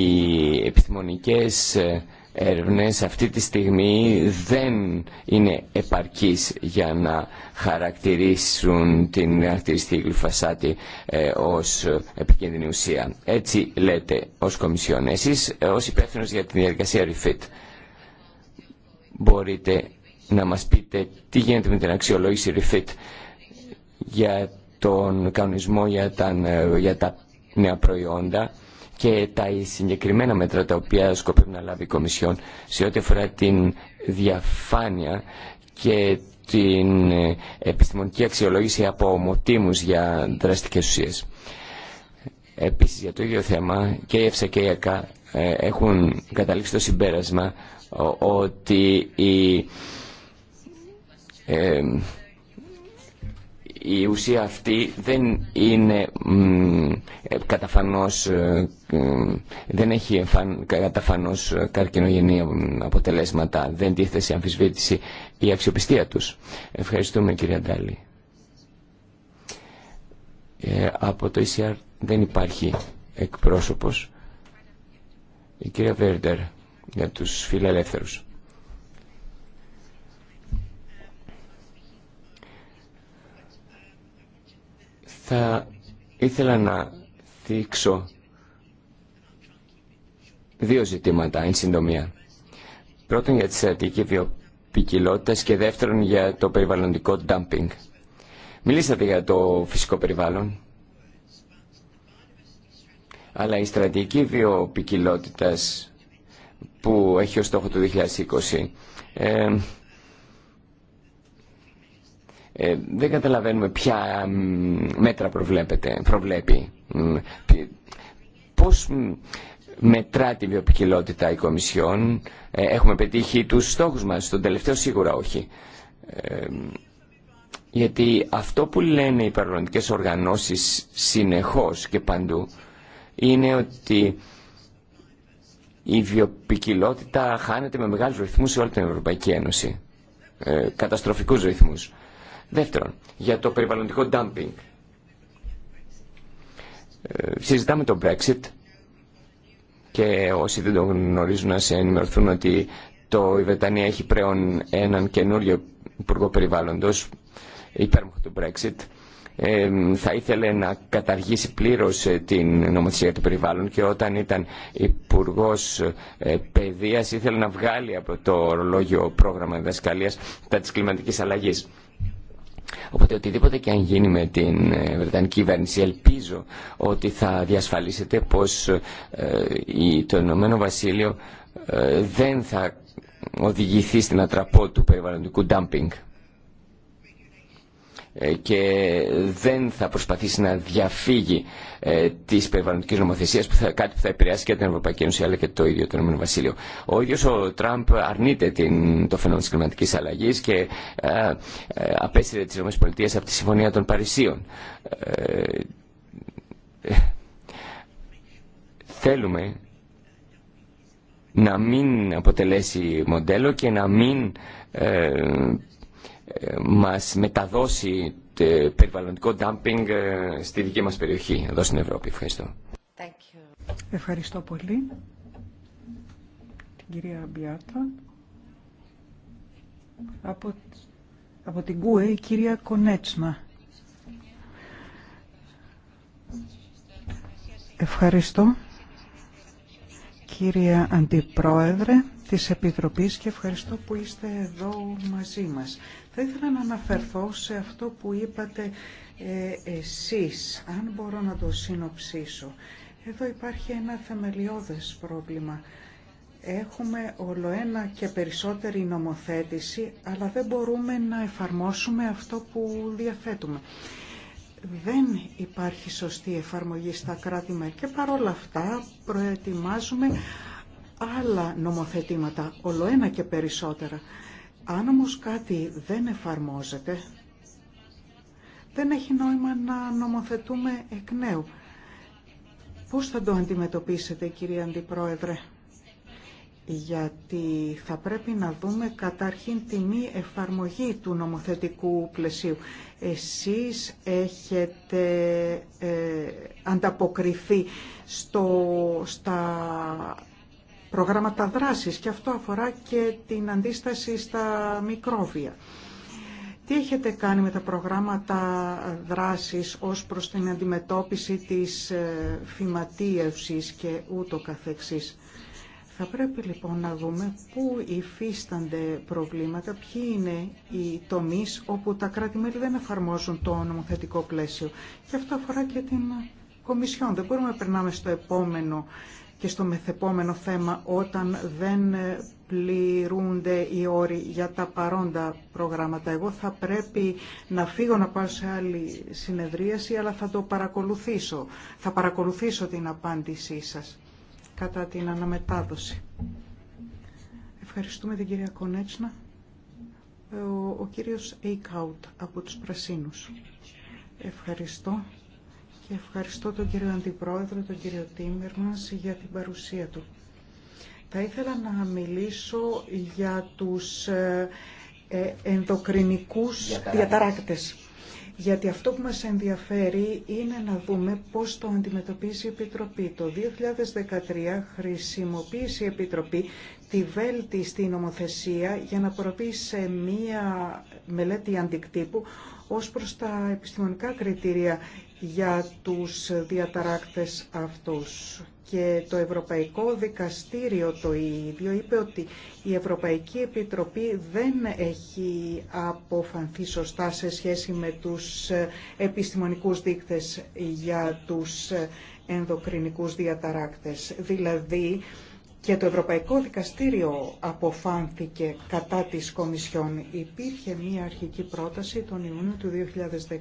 Speaker 2: επιστημονικές ε, έρευνες αυτή τη στιγμή δεν είναι επαρκής για να χαρακτηρίσουν την αρτηριστή γλυφασάτη ε, ως επικίνδυνη ουσία. Έτσι λέτε ως Κομισιόν. Εσείς ε, ως υπεύθυνος για την διαδικασία REFIT μπορείτε να μας πείτε τι γίνεται με την αξιολόγηση REFIT για τον κανονισμό για τα, ε, για τα νέα προϊόντα και τα συγκεκριμένα μέτρα τα οποία σκοπεύει να λάβει η Κομισιόν σε ό,τι αφορά την διαφάνεια και την ε, επιστημονική αξιολόγηση από ομοτήμους για δραστικές ουσίες. Επίσης για το ίδιο θέμα και η ΕΦΣΑ και η ΕΚΑ ε, έχουν καταλήξει το συμπέρασμα ότι η ε, η ουσία αυτή δεν είναι ε, καταφανώς, ε, ε, δεν έχει καταφανώς καρκινογενή αποτελέσματα, δεν τίθεται σε αμφισβήτηση η αξιοπιστία τους. Ευχαριστούμε κυρία Αντάλη. Ε, από το ECR δεν υπάρχει εκπρόσωπος. Η κυρία Βέρντερ για τους φιλελεύθερους. Θα ήθελα να δείξω δύο ζητήματα, εν συντομία. Πρώτον για τη στρατηγική βιοπικιλότητα και δεύτερον για το περιβαλλοντικό dumping. Μιλήσατε για το φυσικό περιβάλλον, αλλά η στρατηγική βιοπικιλότητα που έχει ως στόχο το 2020 ε, δεν καταλαβαίνουμε ποια μέτρα προβλέπετε, προβλέπει. Πώς μετρά τη βιοπικιλότητα η Κομισιόν. Ε, έχουμε πετύχει τους στόχους μας, τον τελευταίο σίγουρα όχι. Ε, γιατί αυτό που λένε οι παραγωγικές οργανώσεις συνεχώς και παντού είναι ότι η βιοπικιλότητα χάνεται με μεγάλους ρυθμούς σε όλη την Ευρωπαϊκή Ένωση. Ε, καταστροφικούς ρυθμούς. Δεύτερον, για το περιβαλλοντικό dumping. Ε, συζητάμε το Brexit και όσοι δεν το γνωρίζουν να σε ενημερωθούν ότι το, η Βρετανία έχει πρέον έναν καινούριο Υπουργό Περιβάλλοντος υπέρμαχο του Brexit ε, θα ήθελε να καταργήσει πλήρως ε, την νομοθεσία του περιβάλλον και όταν ήταν υπουργό Παιδείας ήθελε να βγάλει από το ορολόγιο πρόγραμμα διδασκαλίας τα της κλιματικής αλλαγής. Οπότε οτιδήποτε και αν γίνει ε, με την Βρετανική κυβέρνηση ελπίζω ότι θα διασφαλίσετε πως ε, το Ηνωμένο Βασίλειο ε, δεν θα οδηγηθεί στην ατραπό του περιβαλλοντικού ντάμπινγκ. Ε, και δεν θα προσπαθήσει να διαφύγει ε, τη περιβαλλοντική νομοθεσία, που κάτι που θα επηρεάσει και την Ευρωπαϊκή Ένωση αλλά και το ίδιο το Ηνωμένο Βασίλειο. Ο ίδιο ο Τραμπ αρνείται το φαινόμενο τη κλιματική αλλαγή και ε, ε, απέστειλε τι από τη Συμφωνία των Παρισίων. Ε, θέλουμε να μην αποτελέσει μοντέλο και να μην μας μεταδώσει ε, περιβαλλοντικό ντάμπινγκ ε, στη δική μας περιοχή, εδώ στην Ευρώπη. Ευχαριστώ.
Speaker 3: Ευχαριστώ πολύ. Την κυρία Μπιάτα. Από, από την ΚΟΕ, η κυρία Κονέτσμα. Ευχαριστώ κύριε Αντιπρόεδρε της Επιτροπής και ευχαριστώ που είστε εδώ μαζί μας. Θα ήθελα να αναφερθώ σε αυτό που είπατε ε, εσείς, αν μπορώ να το συνοψίσω. Εδώ υπάρχει ένα θεμελιώδες πρόβλημα. Έχουμε όλο ένα και περισσότερη νομοθέτηση, αλλά δεν μπορούμε να εφαρμόσουμε αυτό που διαθέτουμε δεν υπάρχει σωστή εφαρμογή στα κράτη-μέλη και παρόλα αυτά προετοιμάζουμε άλλα νομοθετήματα, ολοένα και περισσότερα. Αν όμως κάτι δεν εφαρμόζεται, δεν έχει νόημα να νομοθετούμε εκ νέου. Πώς θα το αντιμετωπίσετε, κύριε Αντιπρόεδρε γιατί θα πρέπει να δούμε καταρχήν τη μη εφαρμογή του νομοθετικού πλαισίου. Εσείς έχετε ε, ανταποκριθεί στο, στα προγράμματα δράσης και αυτό αφορά και την αντίσταση στα μικρόβια. Τι έχετε κάνει με τα προγράμματα δράσης ως προς την αντιμετώπιση της ε, φυματίευσης και ούτω καθεξής. Θα πρέπει λοιπόν να δούμε πού υφίστανται προβλήματα, ποιοι είναι οι τομείς όπου τα κράτη-μέλη δεν εφαρμόζουν το νομοθετικό πλαίσιο. Και αυτό αφορά και την Κομισιόν. Δεν μπορούμε να περνάμε στο επόμενο και στο μεθεπόμενο θέμα όταν δεν πληρούνται οι όροι για τα παρόντα προγράμματα. Εγώ θα πρέπει να φύγω να πάω σε άλλη συνεδρίαση, αλλά θα το παρακολουθήσω. Θα παρακολουθήσω την απάντησή σας κατά την αναμετάδοση. Ευχαριστούμε την κυρία Κονέτσνα. Ε, ο, ο κύριος Εικάουτ από τους Πρασίνους. Ευχαριστώ και ευχαριστώ τον κύριο Αντιπρόεδρο, τον κύριο Τίμερ για την παρουσία του. Θα ήθελα να μιλήσω για τους ε, ε, ενδοκρινικούς διαταράκτες γιατί αυτό που μας ενδιαφέρει είναι να δούμε πώς το αντιμετωπίζει η Επιτροπή. Το 2013 χρησιμοποίησε η Επιτροπή τη βέλτιστη νομοθεσία για να προωθεί σε μία μελέτη αντικτύπου ως προς τα επιστημονικά κριτήρια για τους διαταράκτες αυτούς. Και το Ευρωπαϊκό Δικαστήριο το ίδιο είπε ότι η Ευρωπαϊκή Επιτροπή δεν έχει αποφανθεί σωστά σε σχέση με τους επιστημονικούς δείκτες για τους ενδοκρινικούς διαταράκτες. Δηλαδή, και το Ευρωπαϊκό Δικαστήριο αποφάνθηκε κατά της Κομισιόν. Υπήρχε μία αρχική πρόταση τον Ιούνιο του 2016,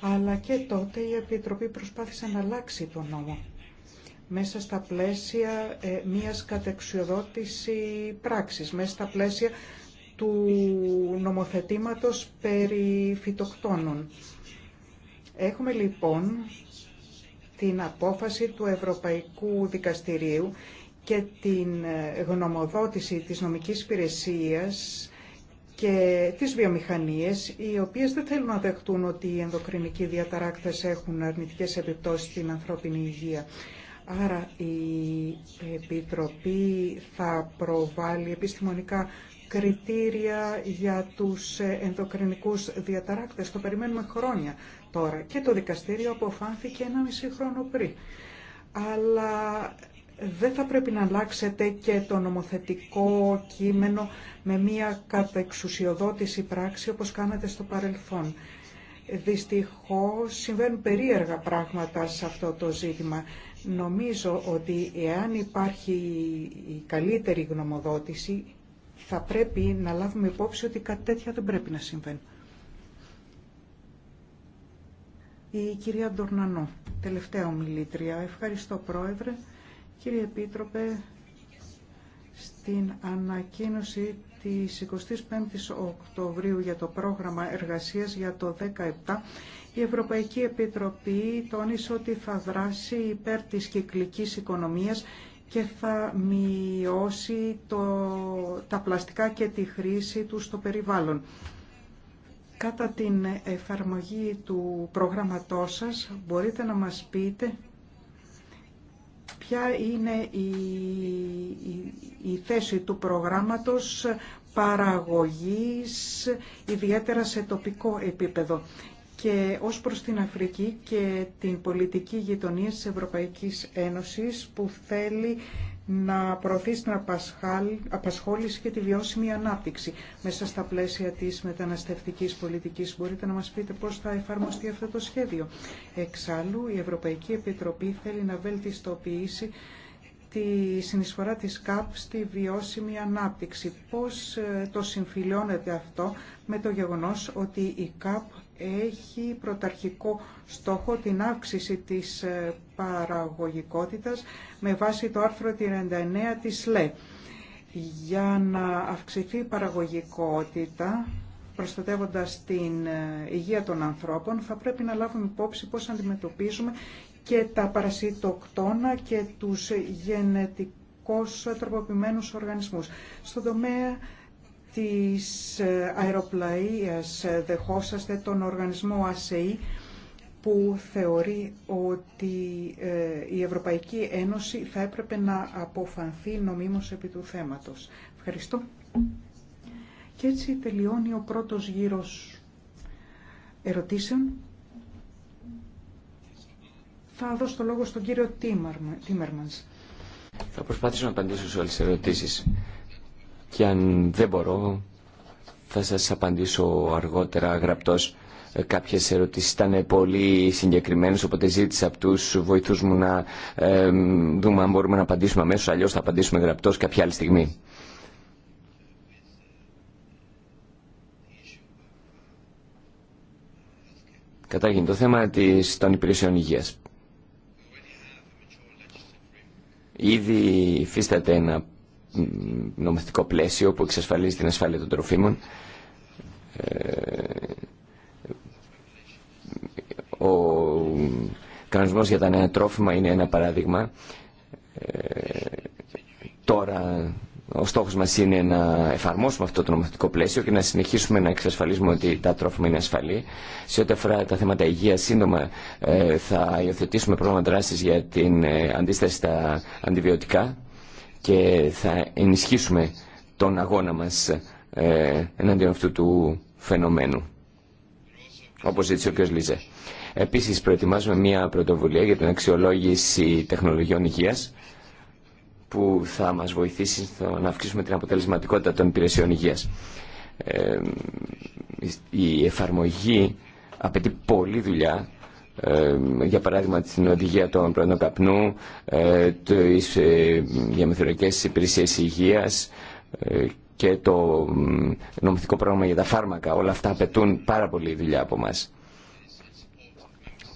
Speaker 3: αλλά και τότε η Επιτροπή προσπάθησε να αλλάξει τον νόμο μέσα στα πλαίσια ε, μιας κατεξιοδότηση πράξης, μέσα στα πλαίσια του νομοθετήματος περί φυτοκτόνων. Έχουμε λοιπόν την απόφαση του Ευρωπαϊκού Δικαστηρίου και την ε, γνωμοδότηση της νομικής υπηρεσίας και της βιομηχανίες, οι οποίες δεν θέλουν να δεχτούν ότι οι ενδοκρινικοί διαταράκτες έχουν αρνητικές επιπτώσεις στην ανθρώπινη υγεία. Άρα η Επιτροπή θα προβάλλει επιστημονικά κριτήρια για τους ενδοκρινικούς διαταράκτες. Το περιμένουμε χρόνια τώρα και το δικαστήριο αποφάνθηκε ένα μισή χρόνο πριν. Αλλά δεν θα πρέπει να αλλάξετε και το νομοθετικό κείμενο με μια κατεξουσιοδότηση πράξη όπως κάνατε στο παρελθόν. Δυστυχώς συμβαίνουν περίεργα πράγματα σε αυτό το ζήτημα. Νομίζω ότι εάν υπάρχει η καλύτερη γνωμοδότηση, θα πρέπει να λάβουμε υπόψη ότι κάτι τέτοια δεν πρέπει να συμβαίνει. Η κυρία Ντορνανό, τελευταία ομιλήτρια. Ευχαριστώ πρόεδρε. Κύριε Επίτροπε, στην ανακοίνωση της 25ης Οκτωβρίου για το πρόγραμμα εργασίας για το 2017, η Ευρωπαϊκή Επιτροπή τόνισε ότι θα δράσει υπέρ της κυκλικής οικονομίας και θα μειώσει το, τα πλαστικά και τη χρήση του στο περιβάλλον. Κατά την εφαρμογή του προγραμματός σας μπορείτε να μας πείτε ποια είναι η, θέση του προγράμματος παραγωγής, ιδιαίτερα σε τοπικό επίπεδο και ως προς την Αφρική και την πολιτική γειτονία της Ευρωπαϊκής Ένωσης που θέλει να προωθεί την απασχόληση και τη βιώσιμη ανάπτυξη μέσα στα πλαίσια της μεταναστευτικής πολιτικής. Μπορείτε να μας πείτε πώς θα εφαρμοστεί αυτό το σχέδιο. Εξάλλου, η Ευρωπαϊκή Επιτροπή θέλει να βελτιστοποιήσει τη συνεισφορά της ΚΑΠ στη βιώσιμη ανάπτυξη. Πώς ε, το συμφιλιώνεται αυτό με το γεγονός ότι η ΚΑΠ έχει πρωταρχικό στόχο την αύξηση της ε, παραγωγικότητας με βάση το άρθρο 39 της ΛΕ. Για να αυξηθεί η παραγωγικότητα, προστατεύοντας την ε, υγεία των ανθρώπων, θα πρέπει να λάβουμε υπόψη πώς αντιμετωπίζουμε και τα παρασιτοκτόνα και τους γενετικούς τροποποιημένους οργανισμούς. Στον τομέα της ε, αεροπλαίας δεχόσαστε τον οργανισμό ΑΣΕΗ που θεωρεί ότι ε, η Ευρωπαϊκή Ένωση θα έπρεπε να αποφανθεί νομίμως επί του θέματος. Ευχαριστώ. Και έτσι τελειώνει ο πρώτος γύρος ερωτήσεων. Θα δώσω το λόγο στον κύριο Τίμερμανς.
Speaker 2: Θα προσπαθήσω να απαντήσω σε όλες τις ερωτήσεις και αν δεν μπορώ θα σας απαντήσω αργότερα γραπτός ε, κάποιες ερωτήσεις ήταν πολύ συγκεκριμένες οπότε ζήτησα από τους βοηθούς μου να δούμε αν μπορούμε να απαντήσουμε αμέσως αλλιώς θα απαντήσουμε γραπτός κάποια άλλη στιγμή. Κατάγει το θέμα της, των υπηρεσιών υγείας. Ήδη υφίσταται ένα νομοθετικό πλαίσιο που εξασφαλίζει την ασφάλεια των τροφίμων. Ε, ο κανονισμός για τα νέα τρόφιμα είναι ένα παράδειγμα. Ε, τώρα ο στόχος μας είναι να εφαρμόσουμε αυτό το νομοθετικό πλαίσιο και να συνεχίσουμε να εξασφαλίσουμε ότι τα τρόφιμα είναι ασφαλή. Σε ό,τι αφορά τα θέματα υγείας, σύντομα ε, θα υιοθετήσουμε πρόγραμμα δράσης για την αντίσταση στα αντιβιωτικά και θα ενισχύσουμε τον αγώνα μας ε, εναντίον αυτού του φαινομένου, όπως ζήτησε ο κ. Λίζε. Επίσης, προετοιμάζουμε μια πρωτοβουλία για την αξιολόγηση τεχνολογιών υγείας, που θα μας βοηθήσει να αυξήσουμε την αποτελεσματικότητα των υπηρεσιών υγείας. Ε, η εφαρμογή απαιτεί πολλή δουλειά ε, για παράδειγμα την οδηγία των πρώτων καπνού, ε, τις ε, διαμεθορικές υπηρεσίες υγείας και το νομοθετικό πρόγραμμα για τα φάρμακα. Όλα αυτά απαιτούν πάρα πολύ δουλειά από μας.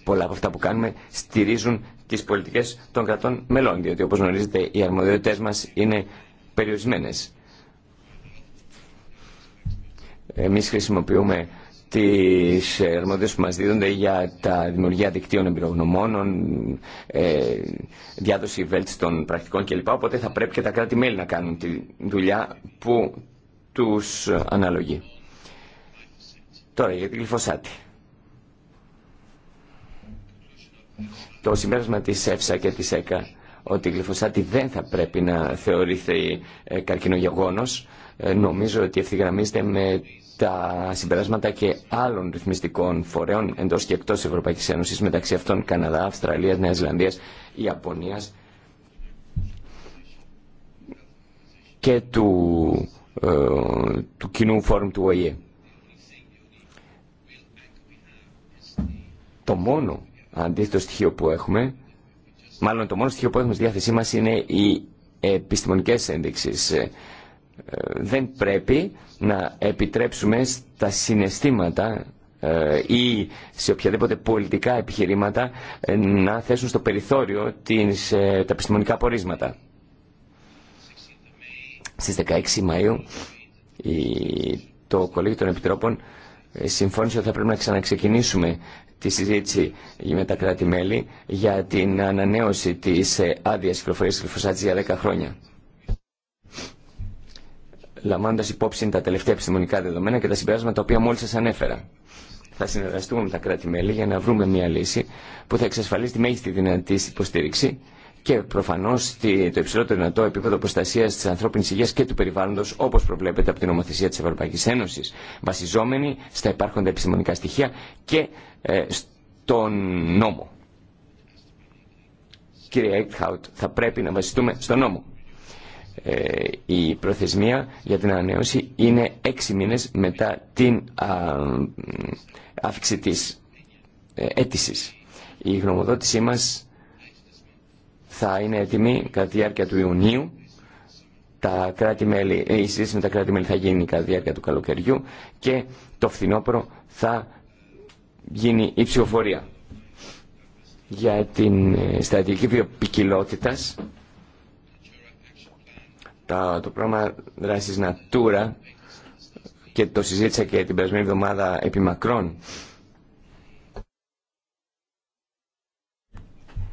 Speaker 2: Πολλά από αυτά που κάνουμε στηρίζουν τις πολιτικές των κρατών μελών, διότι όπως γνωρίζετε οι αρμοδιότητες μας είναι περιορισμένες. Εμείς χρησιμοποιούμε τι αρμοδιότητες που μας δίδονται για τα δημιουργία δικτύων εμπειρογνωμόνων, ε, διάδοση βέλτιστων πρακτικών κλπ. Οπότε θα πρέπει και τα κράτη-μέλη να κάνουν τη δουλειά που τους αναλογεί. Τώρα για τη γλυφοσάτη. Το συμπέρασμα της ΕΦΣΑ και της ΕΚΑ ότι η γλυφοσάτη δεν θα πρέπει να θεωρηθεί ε, καρκινογεγόνος ε, νομίζω ότι ευθυγραμμίζεται με τα συμπεράσματα και άλλων ρυθμιστικών φορέων εντό και εκτό Ευρωπαϊκή Ένωση, μεταξύ αυτών Καναδά, Αυστραλίας, Νέα Ζηλανδία Ιαπωνίας και του, ε, του κοινού φόρουμ του ΟΗΕ. Το μόνο αντίθετο στοιχείο που έχουμε, μάλλον το μόνο στοιχείο που έχουμε στη διάθεσή μα είναι οι επιστημονικές ένδειξεις ε, δεν πρέπει να επιτρέψουμε στα συναισθήματα ε, ή σε οποιαδήποτε πολιτικά επιχειρήματα ε, να θέσουν στο περιθώριο τις, τα επιστημονικά πορίσματα. Στις 16 Μαΐου το Κολέγιο των Επιτρόπων συμφώνησε ότι θα πρέπει να ξαναξεκινήσουμε τη συζήτηση με τα κράτη-μέλη για την ανανέωση της άδειας κυκλοφορίας της για 10 χρόνια λαμβάνοντα υπόψη τα τελευταία επιστημονικά δεδομένα και τα συμπεράσματα τα οποία μόλι σα ανέφερα. Θα συνεργαστούμε με τα κράτη-μέλη για να βρούμε μια λύση που θα εξασφαλίσει τη μέγιστη δυνατή υποστήριξη και προφανώ το υψηλότερο δυνατό επίπεδο προστασία τη ανθρώπινη υγεία και του περιβάλλοντο, όπω προβλέπεται από την νομοθεσία τη Ευρωπαϊκή Ένωση, βασιζόμενη στα υπάρχοντα επιστημονικά στοιχεία και ε, στον νόμο. Κύριε Έκτχαουτ, θα πρέπει να βασιστούμε στον νόμο. Ε, η προθεσμία για την ανανέωση είναι έξι μήνες μετά την αύξηση της ε, αίτησης. Η γνωμοδότησή μας θα είναι έτοιμη κατά τη διάρκεια του Ιουνίου. Τα κράτη -μέλη, ε, η συζήτηση με τα κράτη-μέλη θα γίνει κατά τη διάρκεια του καλοκαιριού και το φθινόπωρο θα γίνει η ψηφοφορία για την στρατηγική βιοπικιλότητας το πρόγραμμα δράσης Natura και το συζήτησα και την περασμένη εβδομάδα επί Μακρόν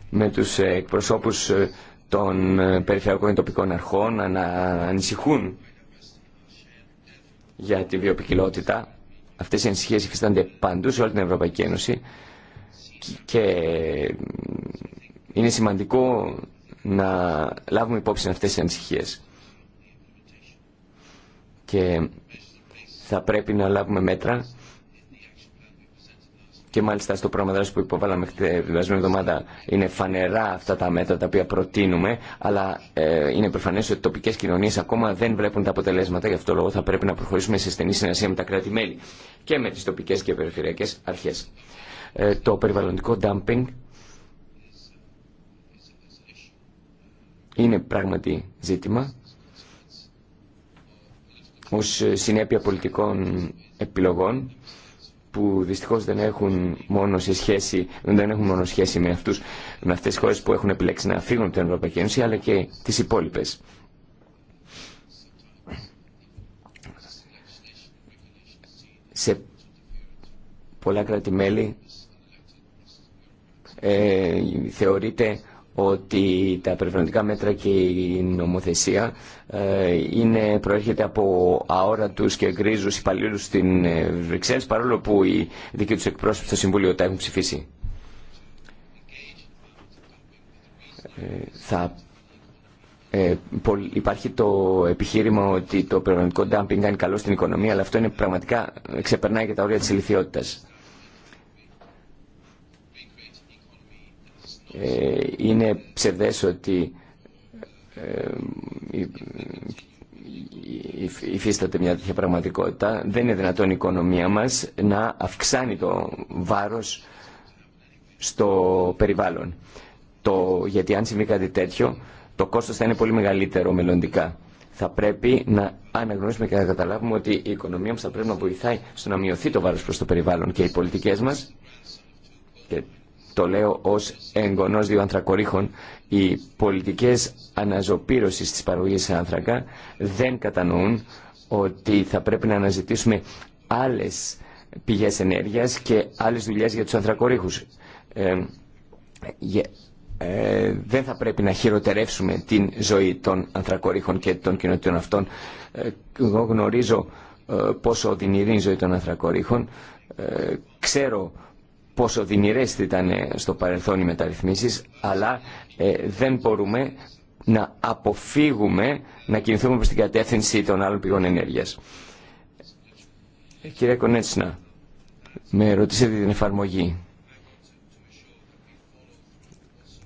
Speaker 2: με τους ε, εκπροσώπους ε, των ε, περιφερειακών και τοπικών αρχών να ανησυχούν για τη βιοπικιλότητα. Αυτές οι ανησυχίες υφίστανται παντού σε όλη την Ευρωπαϊκή Ένωση και είναι σημαντικό να λάβουμε υπόψη αυτές τις ανησυχίες και θα πρέπει να λάβουμε μέτρα και μάλιστα στο πρόγραμμα δράση που υποβάλαμε την περασμένη εβδομάδα είναι φανερά αυτά τα μέτρα τα οποία προτείνουμε, αλλά ε, είναι προφανέ ότι τοπικέ κοινωνίε ακόμα δεν βλέπουν τα αποτελέσματα. Γι' αυτό λόγο θα πρέπει να προχωρήσουμε σε στενή συνεργασία με τα κράτη-μέλη και με τι τοπικέ και περιφερειακέ αρχέ. Ε, το περιβαλλοντικό dumping είναι πράγματι ζήτημα ως συνέπεια πολιτικών επιλογών που δυστυχώς δεν έχουν μόνο, σχέση, δεν έχουν μόνο σχέση με, αυτούς, με αυτές τις χώρες που έχουν επιλέξει να φύγουν από την Ευρωπαϊκή Ένωση αλλά και τις υπόλοιπες. Σε πολλά κράτη-μέλη ε, θεωρείται ότι τα περιβαλλοντικά μέτρα και η νομοθεσία ε, είναι, προέρχεται από αόρατους και γκρίζους υπαλλήλους στην ε, Βρυξέλλες παρόλο που οι δικοί τους εκπρόσωποι στο Συμβούλιο τα έχουν ψηφίσει. ε, ε υπάρχει το επιχείρημα ότι το περιβαλλοντικό ντάμπινγκ κάνει καλό στην οικονομία αλλά αυτό είναι πραγματικά ξεπερνάει και τα όρια της ηλικιότητας. Ε, είναι ψευδές ότι ε, υφίσταται μια τέτοια πραγματικότητα. Δεν είναι δυνατόν η οικονομία μας να αυξάνει το βάρος στο περιβάλλον. Το, γιατί αν συμβεί κάτι τέτοιο, το κόστος θα είναι πολύ μεγαλύτερο μελλοντικά. Θα πρέπει να αναγνωρίσουμε και να καταλάβουμε ότι η οικονομία μας θα πρέπει να βοηθάει στο να μειωθεί το βάρος προς το περιβάλλον και οι πολιτικές μας το λέω ως εγγονός δύο ανθρακορίχων, οι πολιτικές αναζωπήρωσης της παραγωγής άνθρακα δεν κατανοούν ότι θα πρέπει να αναζητήσουμε άλλες πηγές ενέργειας και άλλες δουλειές για τους ανθρακορίχους. Ε, ε, δεν θα πρέπει να χειροτερεύσουμε την ζωή των ανθρακορίχων και των κοινωτήτων αυτών. Ε, εγώ γνωρίζω πόσο οδυνηρή είναι η ζωή των ανθρακορίχων. Ξέρω πόσο δυνηρές ήταν ε, στο παρελθόν οι μεταρρυθμίσεις, αλλά ε, δεν μπορούμε να αποφύγουμε να κινηθούμε προς την κατεύθυνση των άλλων πηγών ενέργειας. Ε, κύριε Κονέτσνα, με ρωτήσετε την εφαρμογή.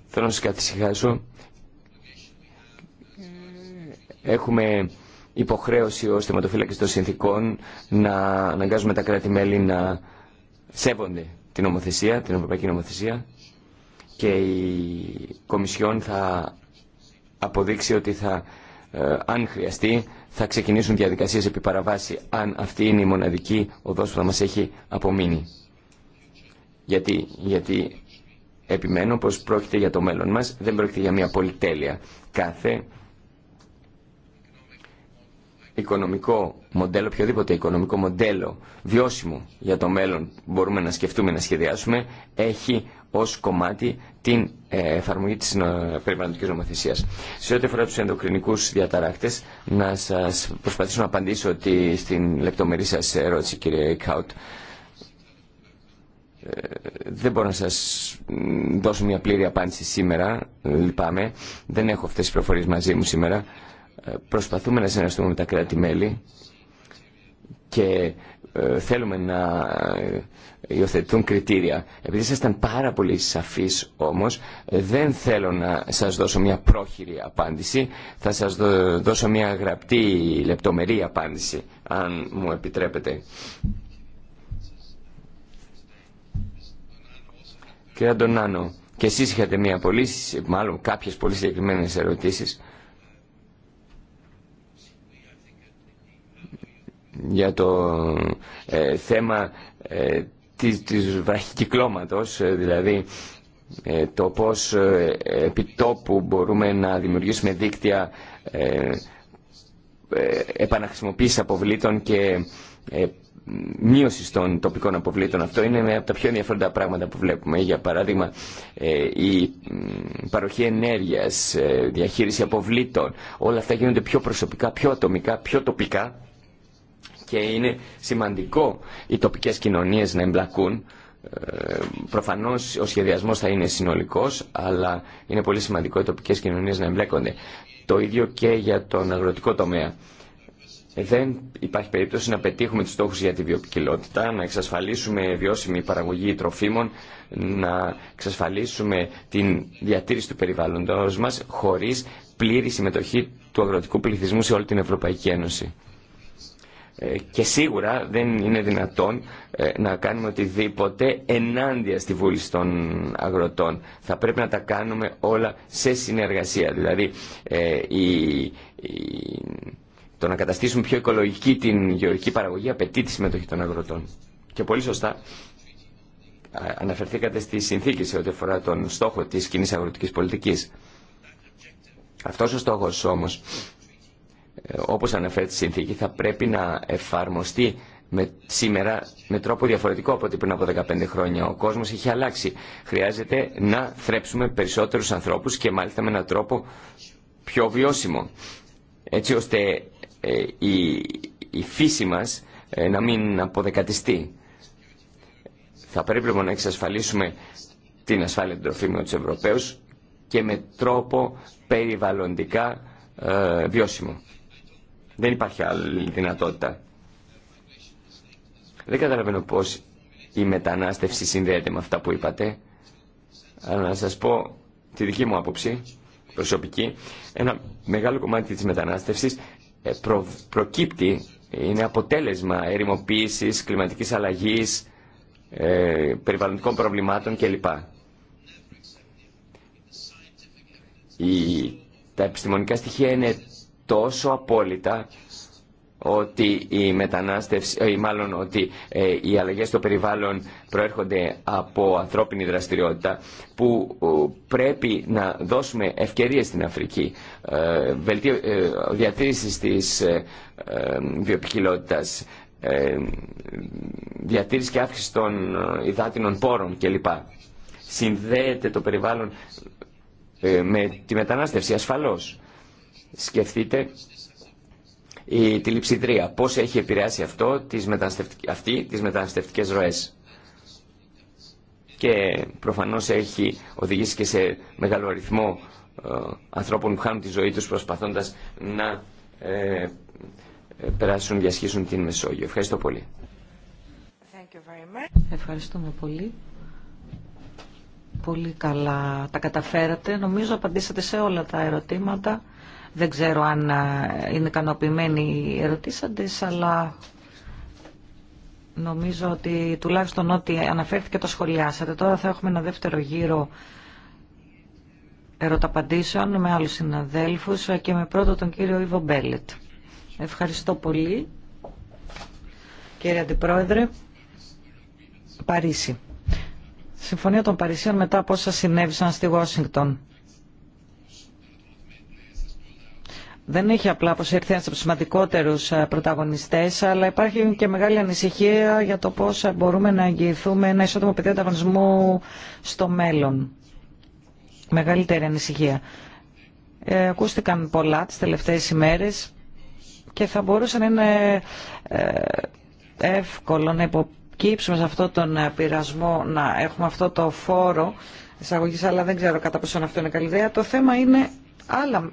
Speaker 2: Θέλω να σας καθυσυχάσω Έχουμε υποχρέωση ως θεματοφύλακες των συνθήκων να αναγκάζουμε τα κράτη-μέλη να σέβονται την νομοθεσία, την ευρωπαϊκή νομοθεσία και η Κομισιόν θα αποδείξει ότι θα, ε, αν χρειαστεί θα ξεκινήσουν διαδικασίες επί παραβάση αν αυτή είναι η μοναδική οδός που θα μας έχει απομείνει. Γιατί, γιατί επιμένω πως πρόκειται για το μέλλον μας, δεν πρόκειται για μια πολυτέλεια. Κάθε οικονομικό μοντέλο, οποιοδήποτε οικονομικό μοντέλο βιώσιμο για το μέλλον μπορούμε να σκεφτούμε, να σχεδιάσουμε, έχει ως κομμάτι την ε, εφαρμογή της ε, περιβαλλοντικής νομοθεσίας. Σε ό,τι αφορά τους ενδοκρινικούς διαταράκτες, να σας προσπαθήσω να απαντήσω ότι στην λεπτομερή σας ερώτηση, κύριε Κάουτ, ε, δεν μπορώ να σας δώσω μια πλήρη απάντηση σήμερα, λυπάμαι. Δεν έχω αυτές τις προφορίες μαζί μου σήμερα. Ε, προσπαθούμε να συνεργαστούμε με τα κράτη-μέλη και ε, θέλουμε να ε, υιοθετούν κριτήρια. Επειδή ήσασταν πάρα πολύ σαφείς όμως, δεν θέλω να σας δώσω μια πρόχειρη απάντηση. Θα σας δώσω μια γραπτή λεπτομερή απάντηση, αν μου επιτρέπετε. Κύριε Αντωνάνο, και εσείς είχατε μια πολύ, μάλλον κάποιες πολύ συγκεκριμένε ερωτήσεις. για το ε, θέμα ε, της, της βραχικυκλώματος, ε, δηλαδή ε, το πώς τόπου μπορούμε να δημιουργήσουμε δίκτυα επαναχρησιμοποίηση αποβλήτων και μείωση των τοπικών αποβλήτων. Αυτό είναι ένα από τα πιο ενδιαφέροντα πράγματα που βλέπουμε. Για παράδειγμα, η παροχή ενέργειας, διαχείριση αποβλήτων, όλα αυτά γίνονται πιο προσωπικά, πιο ατομικά, πιο τοπικά και είναι σημαντικό οι τοπικές κοινωνίες να εμπλακούν. Ε, προφανώς ο σχεδιασμός θα είναι συνολικός, αλλά είναι πολύ σημαντικό οι τοπικές κοινωνίες να εμπλέκονται. Το ίδιο και για τον αγροτικό τομέα. Δεν υπάρχει περίπτωση να πετύχουμε τους στόχους για τη βιοποικιλότητα, να εξασφαλίσουμε βιώσιμη παραγωγή τροφίμων, να εξασφαλίσουμε την διατήρηση του περιβάλλοντος μας χωρίς πλήρη συμμετοχή του αγροτικού πληθυσμού σε όλη την Ευρωπαϊκή Ένωση. Ε, και σίγουρα δεν είναι δυνατόν ε, να κάνουμε οτιδήποτε ενάντια στη βούληση των αγροτών. Θα πρέπει να τα κάνουμε όλα σε συνεργασία. Δηλαδή ε, το να καταστήσουμε πιο οικολογική την γεωργική παραγωγή απαιτεί τη συμμετοχή των αγροτών. Και πολύ σωστά αναφερθήκατε στη συνθήκη σε ό,τι αφορά τον στόχο της κοινή αγροτικής πολιτικής. Αυτός ο στόχος όμως όπως αναφέρει τη συνθήκη, θα πρέπει να εφαρμοστεί με, σήμερα με τρόπο διαφορετικό από ό,τι πριν από 15 χρόνια. Ο κόσμος έχει αλλάξει. Χρειάζεται να θρέψουμε περισσότερους ανθρώπους και μάλιστα με έναν τρόπο πιο βιώσιμο. Έτσι ώστε ε, η, η φύση μας ε, να μην αποδεκατιστεί. Θα πρέπει λοιπόν να εξασφαλίσουμε την ασφάλεια των τροφίμων τους Ευρωπαίους και με τρόπο περιβαλλοντικά ε, βιώσιμο. Δεν υπάρχει άλλη δυνατότητα. Δεν καταλαβαίνω πώς η μετανάστευση συνδέεται με αυτά που είπατε. Αλλά να σας πω τη δική μου άποψη προσωπική. Ένα μεγάλο κομμάτι της μετανάστευσης ε, προκύπτει, είναι αποτέλεσμα ερημοποίησης, κλιματικής αλλαγής, ε, περιβαλλοντικών προβλημάτων κλπ. Η, τα επιστημονικά στοιχεία είναι τόσο απόλυτα ότι η μετανάστευση, ή ε, μάλλον ότι ε, οι αλλαγές στο περιβάλλον προέρχονται από ανθρώπινη δραστηριότητα που ε, πρέπει να δώσουμε ευκαιρίες στην Αφρική Διατήρηση διατήρησης της ε, διατήρηση και αύξηση των υδάτινων πόρων κλπ. Συνδέεται το περιβάλλον με τη μετανάστευση ασφαλώς σκεφτείτε η, τη λειψιδρία. Πώς έχει επηρεάσει αυτό τις αυτή τις μεταναστευτικές ροές. Και προφανώς έχει οδηγήσει και σε μεγάλο αριθμό ε, ανθρώπων που χάνουν τη ζωή τους προσπαθώντας να ε, περάσουν, διασχίσουν την Μεσόγειο. Ευχαριστώ πολύ.
Speaker 1: Ευχαριστούμε πολύ. Πολύ καλά τα καταφέρατε. Νομίζω απαντήσατε σε όλα τα ερωτήματα. Δεν ξέρω αν ε, είναι ικανοποιημένοι οι ερωτήσαντες, αλλά νομίζω ότι τουλάχιστον ό,τι αναφέρθηκε το σχολιάσατε. Τώρα θα έχουμε ένα δεύτερο γύρο ερωταπαντήσεων με άλλους συναδέλφους ε, και με πρώτο τον κύριο Ιβο Μπέλετ. Ευχαριστώ πολύ. Κύριε Αντιπρόεδρε, Παρίσι. Συμφωνία των Παρισίων μετά από όσα συνέβησαν στη Βόσιγκτον. δεν έχει απλά αποσυρθεί ένας από τους σημαντικότερους πρωταγωνιστές, αλλά υπάρχει και μεγάλη ανησυχία για το πώς μπορούμε να εγγυηθούμε ένα ισότιμο πεδίο ανταγωνισμού στο μέλλον. Μεγαλύτερη ανησυχία. Ε, ακούστηκαν πολλά τις τελευταίες ημέρες και θα μπορούσε να είναι ε, εύκολο να υποκύψουμε σε αυτόν τον ε, πειρασμό, να έχουμε αυτό το φόρο εισαγωγής, αλλά δεν ξέρω κατά πόσο αυτό είναι καλή ιδέα. Το θέμα είναι άλλα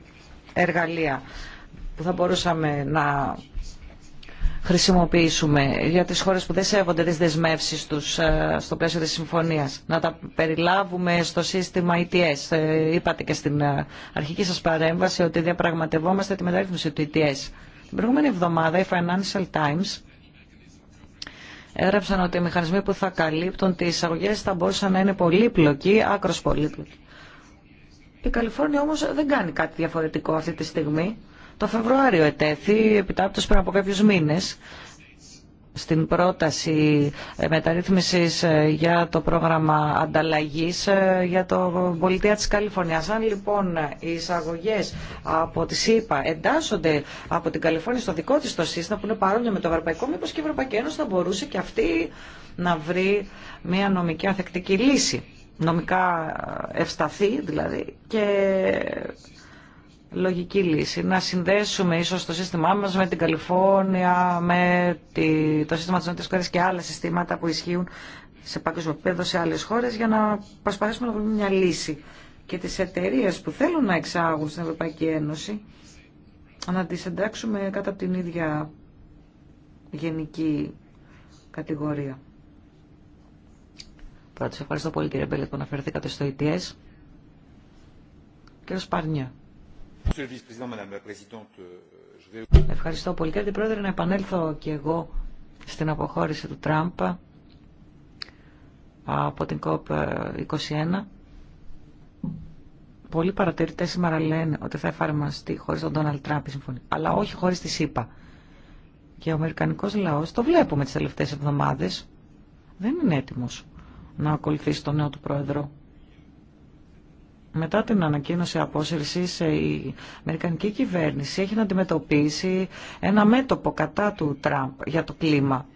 Speaker 1: εργαλεία που θα μπορούσαμε να χρησιμοποιήσουμε για τις χώρες που δεν σέβονται τις δεσμεύσεις τους ε, στο πλαίσιο της συμφωνίας. Να τα περιλάβουμε στο σύστημα ETS. Ε, είπατε και στην ε, αρχική σας παρέμβαση ότι διαπραγματευόμαστε τη μεταρρύθμιση του ETS. Την προηγούμενη εβδομάδα οι Financial Times έγραψαν ότι οι μηχανισμοί που θα καλύπτουν τις αγωγές θα μπορούσαν να είναι πολύπλοκοι, άκρος πολύπλοκοι. Η Καλιφόρνια όμως δεν κάνει κάτι διαφορετικό αυτή τη στιγμή. Το Φεβρουάριο ετέθη, επιτάπτωση πριν από κάποιους μήνες, στην πρόταση μεταρρύθμισης ε, για το πρόγραμμα ανταλλαγής ε, για το πολιτεία της Καλιφόρνιας. Αν λοιπόν οι εισαγωγέ από τη ΣΥΠΑ εντάσσονται από την Καλιφόρνια στο δικό της το σύστημα που είναι παρόνιο με το Ευρωπαϊκό, μήπως και η Ευρωπαϊκή Ένωση θα μπορούσε και αυτή να βρει μια νομική ανθεκτική λύση νομικά ευσταθή δηλαδή και λογική λύση. Να συνδέσουμε ίσως το σύστημά μας με την Καλιφόρνια, με το σύστημα της Νότιας Κορέας και άλλα συστήματα που ισχύουν σε παγκόσμιο σε άλλες χώρες για να προσπαθήσουμε να βρούμε μια λύση. Και τις εταιρείε που θέλουν να εξάγουν στην Ευρωπαϊκή Ένωση να τις εντάξουμε κατά την ίδια γενική κατηγορία. Πρώτος, ευχαριστώ πολύ κύριε Μπέλετ που αναφερθήκατε στο ETS. Κύριο Σπαρνιά. Ευχαριστώ πολύ. Κύριε Πρόεδρε, να επανέλθω και εγώ στην αποχώρηση του Τραμπ από την COP21. Πολλοί παρατηρητέ σήμερα λένε ότι θα εφαρμοστεί χωρί τον Ντόναλτ Τραμπ η συμφωνία, αλλά όχι χωρί τη ΣΥΠΑ. Και ο Αμερικανικό λαό, το βλέπουμε τι τελευταίε εβδομάδε, δεν είναι έτοιμο να ακολουθήσει τον νέο του πρόεδρο. Μετά την ανακοίνωση απόσυρσης, ε, η Αμερικανική κυβέρνηση έχει να αντιμετωπίσει ένα μέτωπο κατά του Τραμπ για το κλίμα.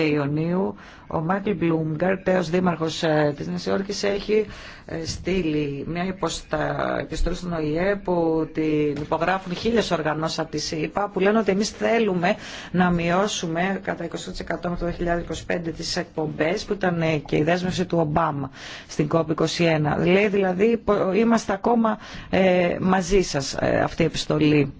Speaker 1: Ιωνίου. ο Μάικλ Μπλουμγκαρ, τέος δήμαρχος ε, της Νέας έχει ε, στείλει μια υποστα... επιστολή στον ΟΗΕ που την υπογράφουν χίλιες οργανώσεις από τη ΣΥΠΑ που λένε ότι εμείς θέλουμε να μειώσουμε κατά 20% με το 2025 τις εκπομπές που ήταν ε, και η δέσμευση του Ομπάμα στην COP21. Λέει δηλαδή είμαστε ακόμα μαζί σας αυτή η επιστολή.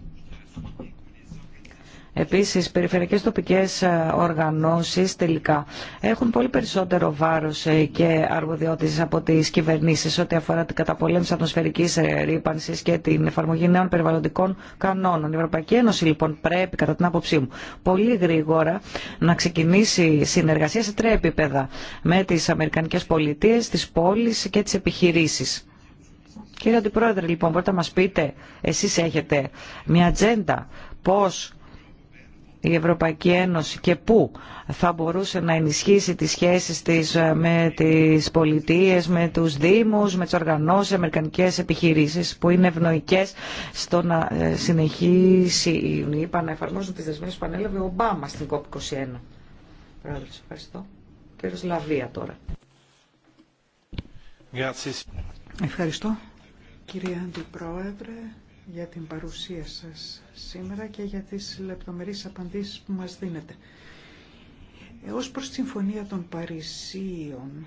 Speaker 1: Επίσης, περιφερειακές τοπικές ε, οργανώσεις τελικά έχουν πολύ περισσότερο βάρος ε, και αρμοδιότητες από τις κυβερνήσεις ό,τι αφορά την καταπολέμηση ατμοσφαιρικής ε, ρήπανσης και την εφαρμογή νέων περιβαλλοντικών κανόνων. Η Ευρωπαϊκή Ένωση λοιπόν πρέπει, κατά την άποψή μου, πολύ γρήγορα να ξεκινήσει συνεργασία σε τρία επίπεδα με τις Αμερικανικές πολιτείες, τις πόλεις και τις επιχειρήσεις. Κύριε Αντιπρόεδρε, λοιπόν, μπορείτε να μας πείτε, εσείς έχετε μια ατζέντα πώς η Ευρωπαϊκή Ένωση και πού θα μπορούσε να ενισχύσει τις σχέσεις της ε, με τις πολιτείες, με τους δήμους, με τις οργανώσεις, αμερικανικές επιχειρήσεις που είναι ευνοϊκές στο να ε, συνεχίσει η ΙΠΑ να εφαρμόζουν τις δεσμεύσεις που ανέλαβε ο Ομπάμα στην COP21. ευχαριστώ. Κύριος Λαβία τώρα. Ευχαριστώ.
Speaker 3: Κύριε Αντιπρόεδρε, για την παρουσία σας σήμερα και για τις λεπτομερείς απαντήσεις που μας δίνετε. Ως προς τη Συμφωνία των Παρισίων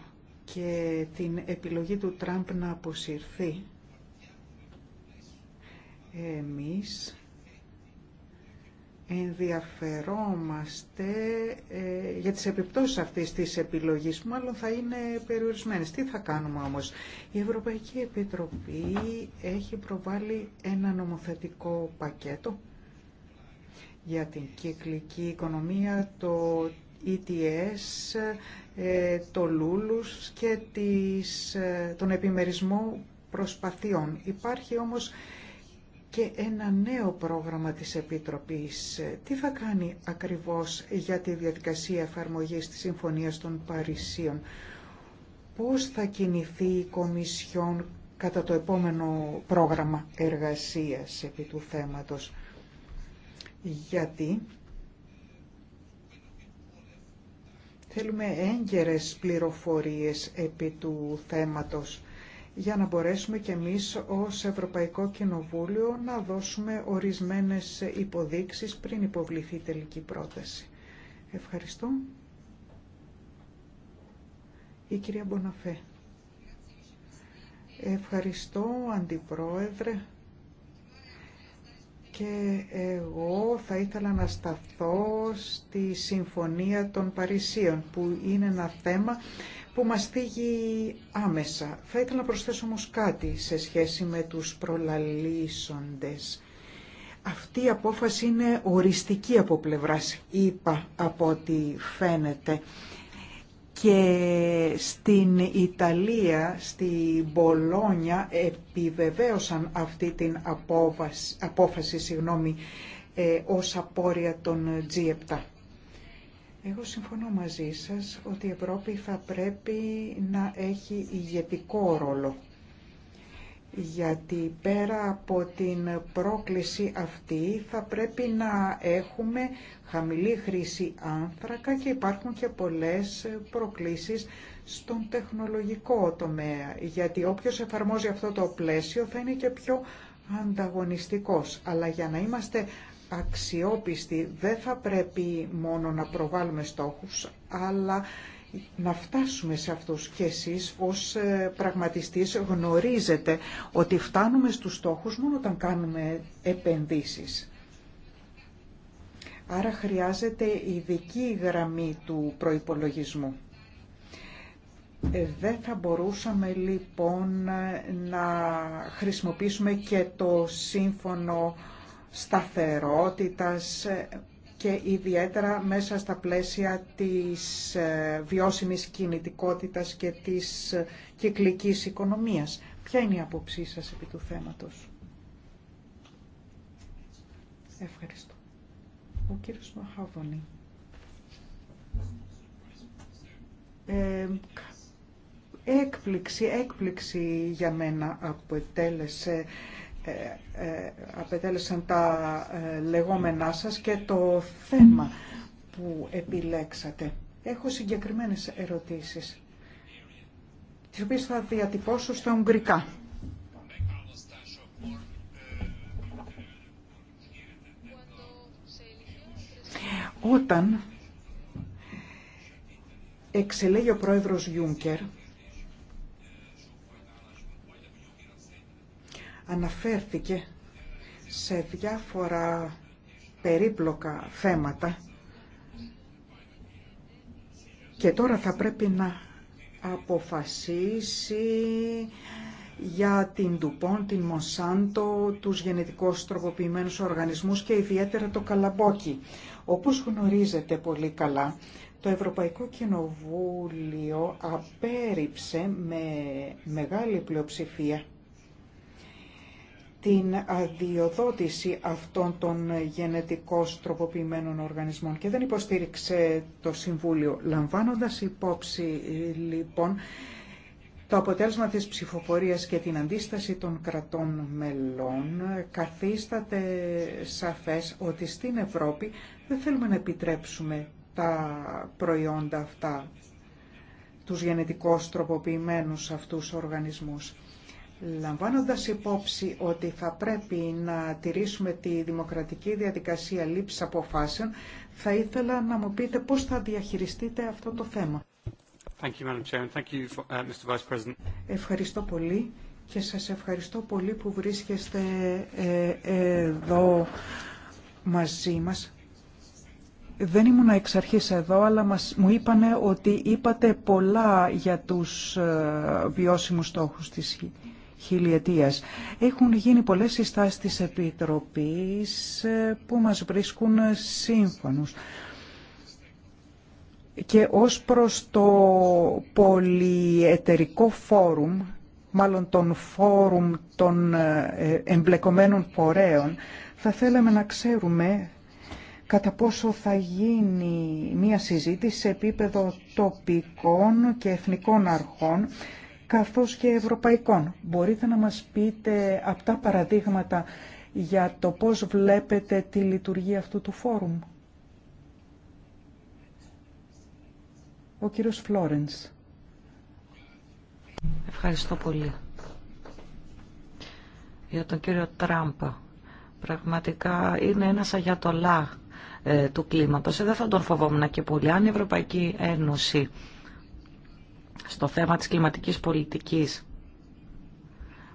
Speaker 3: και την επιλογή του Τραμπ να αποσυρθεί, εμείς ενδιαφερόμαστε ε, για τις επιπτώσεις αυτής της επιλογής που μάλλον θα είναι περιορισμένες. Τι θα κάνουμε όμως. Η Ευρωπαϊκή Επιτροπή έχει προβάλει ένα νομοθετικό πακέτο για την κυκλική οικονομία, το ETS, ε, το Λούλους και ε, τον επιμερισμό προσπαθειών. Υπάρχει όμως και ένα νέο πρόγραμμα της Επιτροπής. Τι θα κάνει ακριβώς για τη διαδικασία εφαρμογής της Συμφωνίας των Παρισίων. Πώς θα κινηθεί η Κομισιόν κατά το επόμενο πρόγραμμα εργασίας επί του θέματος. Γιατί θέλουμε έγκαιρες πληροφορίες επί του θέματος για να μπορέσουμε και εμείς ως Ευρωπαϊκό Κοινοβούλιο να δώσουμε ορισμένες υποδείξεις πριν υποβληθεί η τελική πρόταση. Ευχαριστώ. Η κυρία Μποναφέ. Ευχαριστώ, Αντιπρόεδρε. Και εγώ θα ήθελα να σταθώ στη Συμφωνία των Παρισίων, που είναι ένα θέμα που μας θίγει άμεσα. Θα ήθελα να προσθέσω όμως κάτι σε σχέση με τους προλαλήσοντες. Αυτή η απόφαση είναι οριστική από πλευράς, είπα από ό,τι φαίνεται. Και στην Ιταλία, στη Μπολόνια, επιβεβαίωσαν αυτή την απόφαση, απόφαση συγγνώμη, ε, ως απόρρια των G7. Εγώ συμφωνώ μαζί σας ότι η Ευρώπη θα πρέπει να έχει ηγετικό ρόλο. Γιατί πέρα από την πρόκληση αυτή θα πρέπει να έχουμε χαμηλή χρήση άνθρακα και υπάρχουν και πολλές προκλήσεις στον τεχνολογικό τομέα. Γιατί όποιος εφαρμόζει αυτό το πλαίσιο θα είναι και πιο ανταγωνιστικός. Αλλά για να είμαστε αξιόπιστη δεν θα πρέπει μόνο να προβάλλουμε στόχους, αλλά να φτάσουμε σε αυτούς και εσείς ως ε, πραγματιστής γνωρίζετε ότι φτάνουμε στους στόχους μόνο όταν κάνουμε επενδύσεις. Άρα χρειάζεται ειδική γραμμή του προϋπολογισμού. Ε, δεν θα μπορούσαμε λοιπόν να χρησιμοποιήσουμε και το σύμφωνο σταθερότητας και ιδιαίτερα μέσα στα πλαίσια της ε, βιώσιμης κινητικότητας και της ε, κυκλικής οικονομίας. Ποια είναι η άποψή σας επί του θέματος. Ευχαριστώ. Ο κύριος Μαχαβωνή. Ε, έκπληξη, έκπληξη για μένα αποτέλεσε ε, ε, απετέλεσαν τα ε, λεγόμενά σας και το θέμα που επιλέξατε. Έχω συγκεκριμένες ερωτήσεις, τις οποίες θα διατυπώσω στα ουγγρικά. Όταν εξελέγει ο πρόεδρος Γιούνκερ, αναφέρθηκε σε διάφορα περίπλοκα θέματα και τώρα θα πρέπει να αποφασίσει για την ντουπόν, την Μονσάντο, τους γενετικώς τροποποιημένους οργανισμούς και ιδιαίτερα το καλαμπόκι. Όπως γνωρίζετε πολύ καλά, το Ευρωπαϊκό Κοινοβούλιο απέριψε με μεγάλη πλειοψηφία την αδειοδότηση αυτών των γενετικώς τροποποιημένων οργανισμών και δεν υποστήριξε το Συμβούλιο. Λαμβάνοντας υπόψη λοιπόν το αποτέλεσμα της ψηφοφορίας και την αντίσταση των κρατών μελών καθίσταται σαφές ότι στην Ευρώπη δεν θέλουμε να επιτρέψουμε τα προϊόντα αυτά, τους γενετικώς τροποποιημένους αυτούς οργανισμούς. Λαμβάνοντας υπόψη ότι θα πρέπει να τηρήσουμε τη δημοκρατική διαδικασία λήψης αποφάσεων, θα ήθελα να μου πείτε πώς θα διαχειριστείτε αυτό το θέμα.
Speaker 2: Thank you, uh,
Speaker 3: Ευχαριστώ πολύ και σας ευχαριστώ πολύ που βρίσκεστε ε, εδώ μαζί μας. Δεν ήμουν εξ αρχής εδώ, αλλά μας, μου είπανε ότι είπατε πολλά για τους ε, βιώσιμους στόχους της χιλιετίας. Έχουν γίνει πολλές συστάσεις της Επιτροπής ε, που μας βρίσκουν σύμφωνους. Και ως προς το πολυεταιρικό φόρουμ, μάλλον τον φόρουμ των ε, εμπλεκομένων φορέων, θα θέλαμε να ξέρουμε κατά πόσο θα γίνει μία συζήτηση σε επίπεδο τοπικών και εθνικών αρχών καθώς και ευρωπαϊκών. Μπορείτε να μας πείτε αυτά παραδείγματα για το πώς βλέπετε τη λειτουργία αυτού του φόρουμ. Ο κύριος Φλόρενς. Ευχαριστώ πολύ.
Speaker 1: Για τον κύριο Τράμπα. Πραγματικά είναι ένας αγιατολά ε, του κλίματος. Ε, δεν θα τον φοβόμουν και πολύ. Αν η Ευρωπαϊκή Ένωση στο θέμα της κλιματικής πολιτικής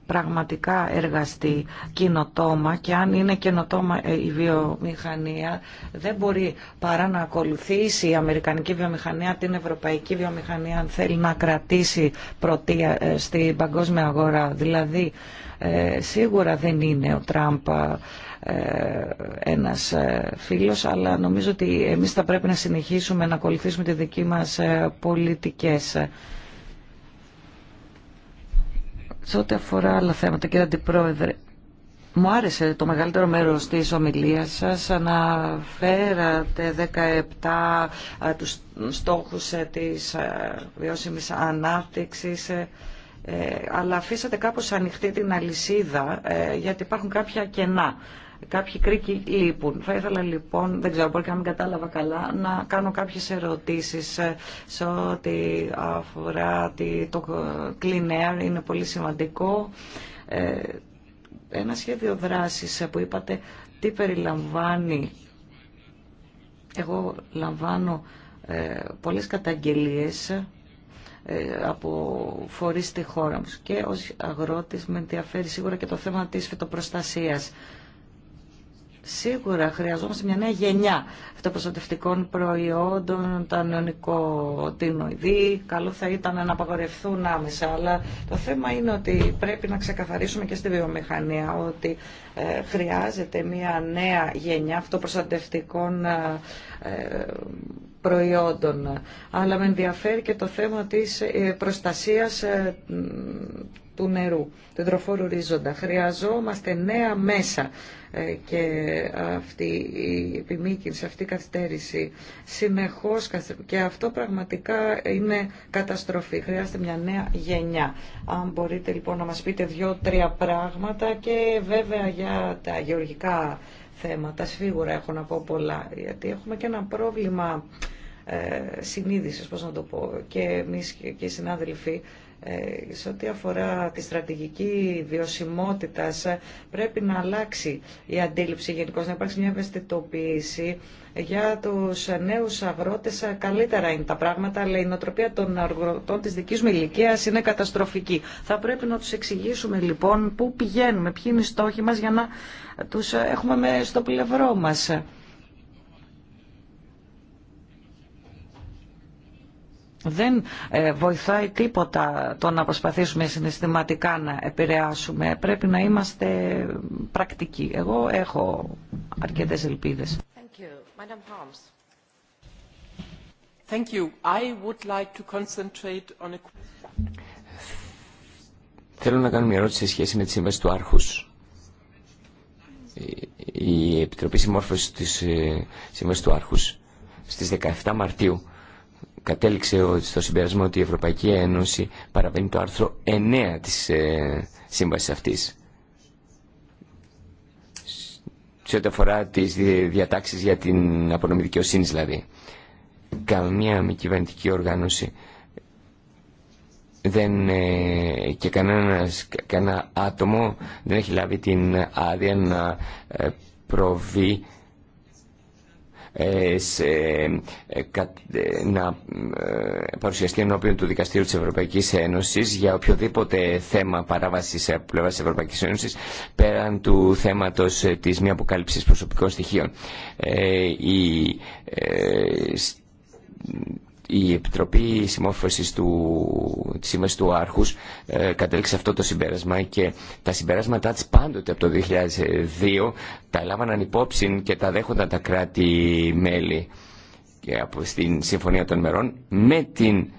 Speaker 1: πραγματικά εργαστεί κοινοτόμα και αν είναι καινοτόμα ε, η βιομηχανία δεν μπορεί παρά να ακολουθήσει η αμερικανική βιομηχανία την ευρωπαϊκή βιομηχανία αν θέλει να κρατήσει πρωτεία ε, στην παγκόσμια αγορά. Δηλαδή ε, σίγουρα δεν είναι ο Τραμπ ε, ένας ε, φίλος, αλλά νομίζω ότι εμείς θα πρέπει να συνεχίσουμε να ακολουθήσουμε τη δική μας ε, πολιτικές. Σε ό,τι αφορά άλλα θέματα, κύριε Αντιπρόεδρε, μου άρεσε το μεγαλύτερο μέρος της ομιλίας σας. Αναφέρατε 17 τους στόχους της βιώσιμης ανάπτυξης, αλλά αφήσατε κάπως ανοιχτή την αλυσίδα, γιατί υπάρχουν κάποια κενά Κάποιοι κρίκοι λείπουν. Θα ήθελα λοιπόν, δεν ξέρω, μπορεί και να μην κατάλαβα καλά, να κάνω κάποιες ερωτήσεις ε, σε ό,τι αφορά το clean air, είναι πολύ σημαντικό. Ε, ένα σχέδιο δράση ε, που είπατε, τι περιλαμβάνει. Εγώ λαμβάνω πολλές καταγγελίες από φορείς στη χώρα μου και ως αγρότης με ενδιαφέρει σίγουρα και το θέμα της φυτοπροστασίας. Σίγουρα χρειαζόμαστε μια νέα γενιά αυτοπροστατευτικών προϊόντων, τα νεονικοτινοειδή. Καλό θα ήταν να απαγορευθούν άμεσα, αλλά το θέμα είναι ότι πρέπει να ξεκαθαρίσουμε και στη βιομηχανία ότι ε, χρειάζεται μια νέα γενιά αυτοπροστατευτικών ε, ε, προϊόντων. Αλλά με ενδιαφέρει και το θέμα της ε, προστασίας ε, του νερού, του υδροφόρου ρίζοντα. Χρειαζόμαστε νέα μέσα ε, και αυτή η επιμήκυνση, αυτή η καθυστέρηση συνεχώς και αυτό πραγματικά είναι καταστροφή. Χρειάζεται μια νέα γενιά. Αν μπορείτε λοιπόν να μας πείτε δύο-τρία πράγματα και βέβαια για τα γεωργικά θέματα. Σίγουρα έχω να πω πολλά, γιατί έχουμε και ένα πρόβλημα ε, συνείδησης, πώς να το πω, και εμείς και οι συνάδελφοι ε, σε ό,τι αφορά τη στρατηγική βιωσιμότητα, ε, πρέπει να αλλάξει η αντίληψη γενικώ, να υπάρξει μια ευαισθητοποίηση για τους νέου αγρότες ε, καλύτερα είναι τα πράγματα, αλλά η νοοτροπία των αγροτών τη δική μου ηλικία είναι καταστροφική. Θα πρέπει να τους εξηγήσουμε λοιπόν πού πηγαίνουμε, ποιοι είναι οι στόχοι μας για να τους έχουμε στο πλευρό μα. δεν ε, βοηθάει τίποτα το να προσπαθήσουμε συναισθηματικά να επηρεάσουμε. Πρέπει να είμαστε πρακτικοί. Εγώ έχω αρκετές ελπίδες.
Speaker 2: Θέλω να κάνω μια ερώτηση σε σχέση με τη σύμβαση του Άρχους. Η Επιτροπή Συμμόρφωσης της ε, Σύμβασης του Άρχους στις 17 Μαρτίου κατέληξε στο συμπέρασμα ότι η Ευρωπαϊκή Ένωση παραβαίνει το άρθρο 9 της ε, σύμβασης αυτής. Σε ό,τι αφορά τις διατάξεις για την απονομή δικαιοσύνη δηλαδή. Καμία μη κυβερνητική οργάνωση δεν, ε, και κανένα άτομο δεν έχει λάβει την άδεια να ε, προβεί ε, ε, ε, να παρουσιαστεί ενώπιον του Δικαστήριου της Ευρωπαϊκής Ένωσης για οποιοδήποτε θέμα παράβασης από πλευρά της Ευρωπαϊκής Ένωσης πέραν του θέματος της μη αποκάλυψης προσωπικών στοιχείων. Ε, η Επιτροπή Συμμόρφωσης του, της Σύμβασης του Άρχους ε, κατέληξε αυτό το συμπέρασμα και τα συμπεράσματά της πάντοτε από το 2002 τα λάβαναν υπόψη και τα δέχονταν τα κράτη-μέλη στην Συμφωνία των Μερών με την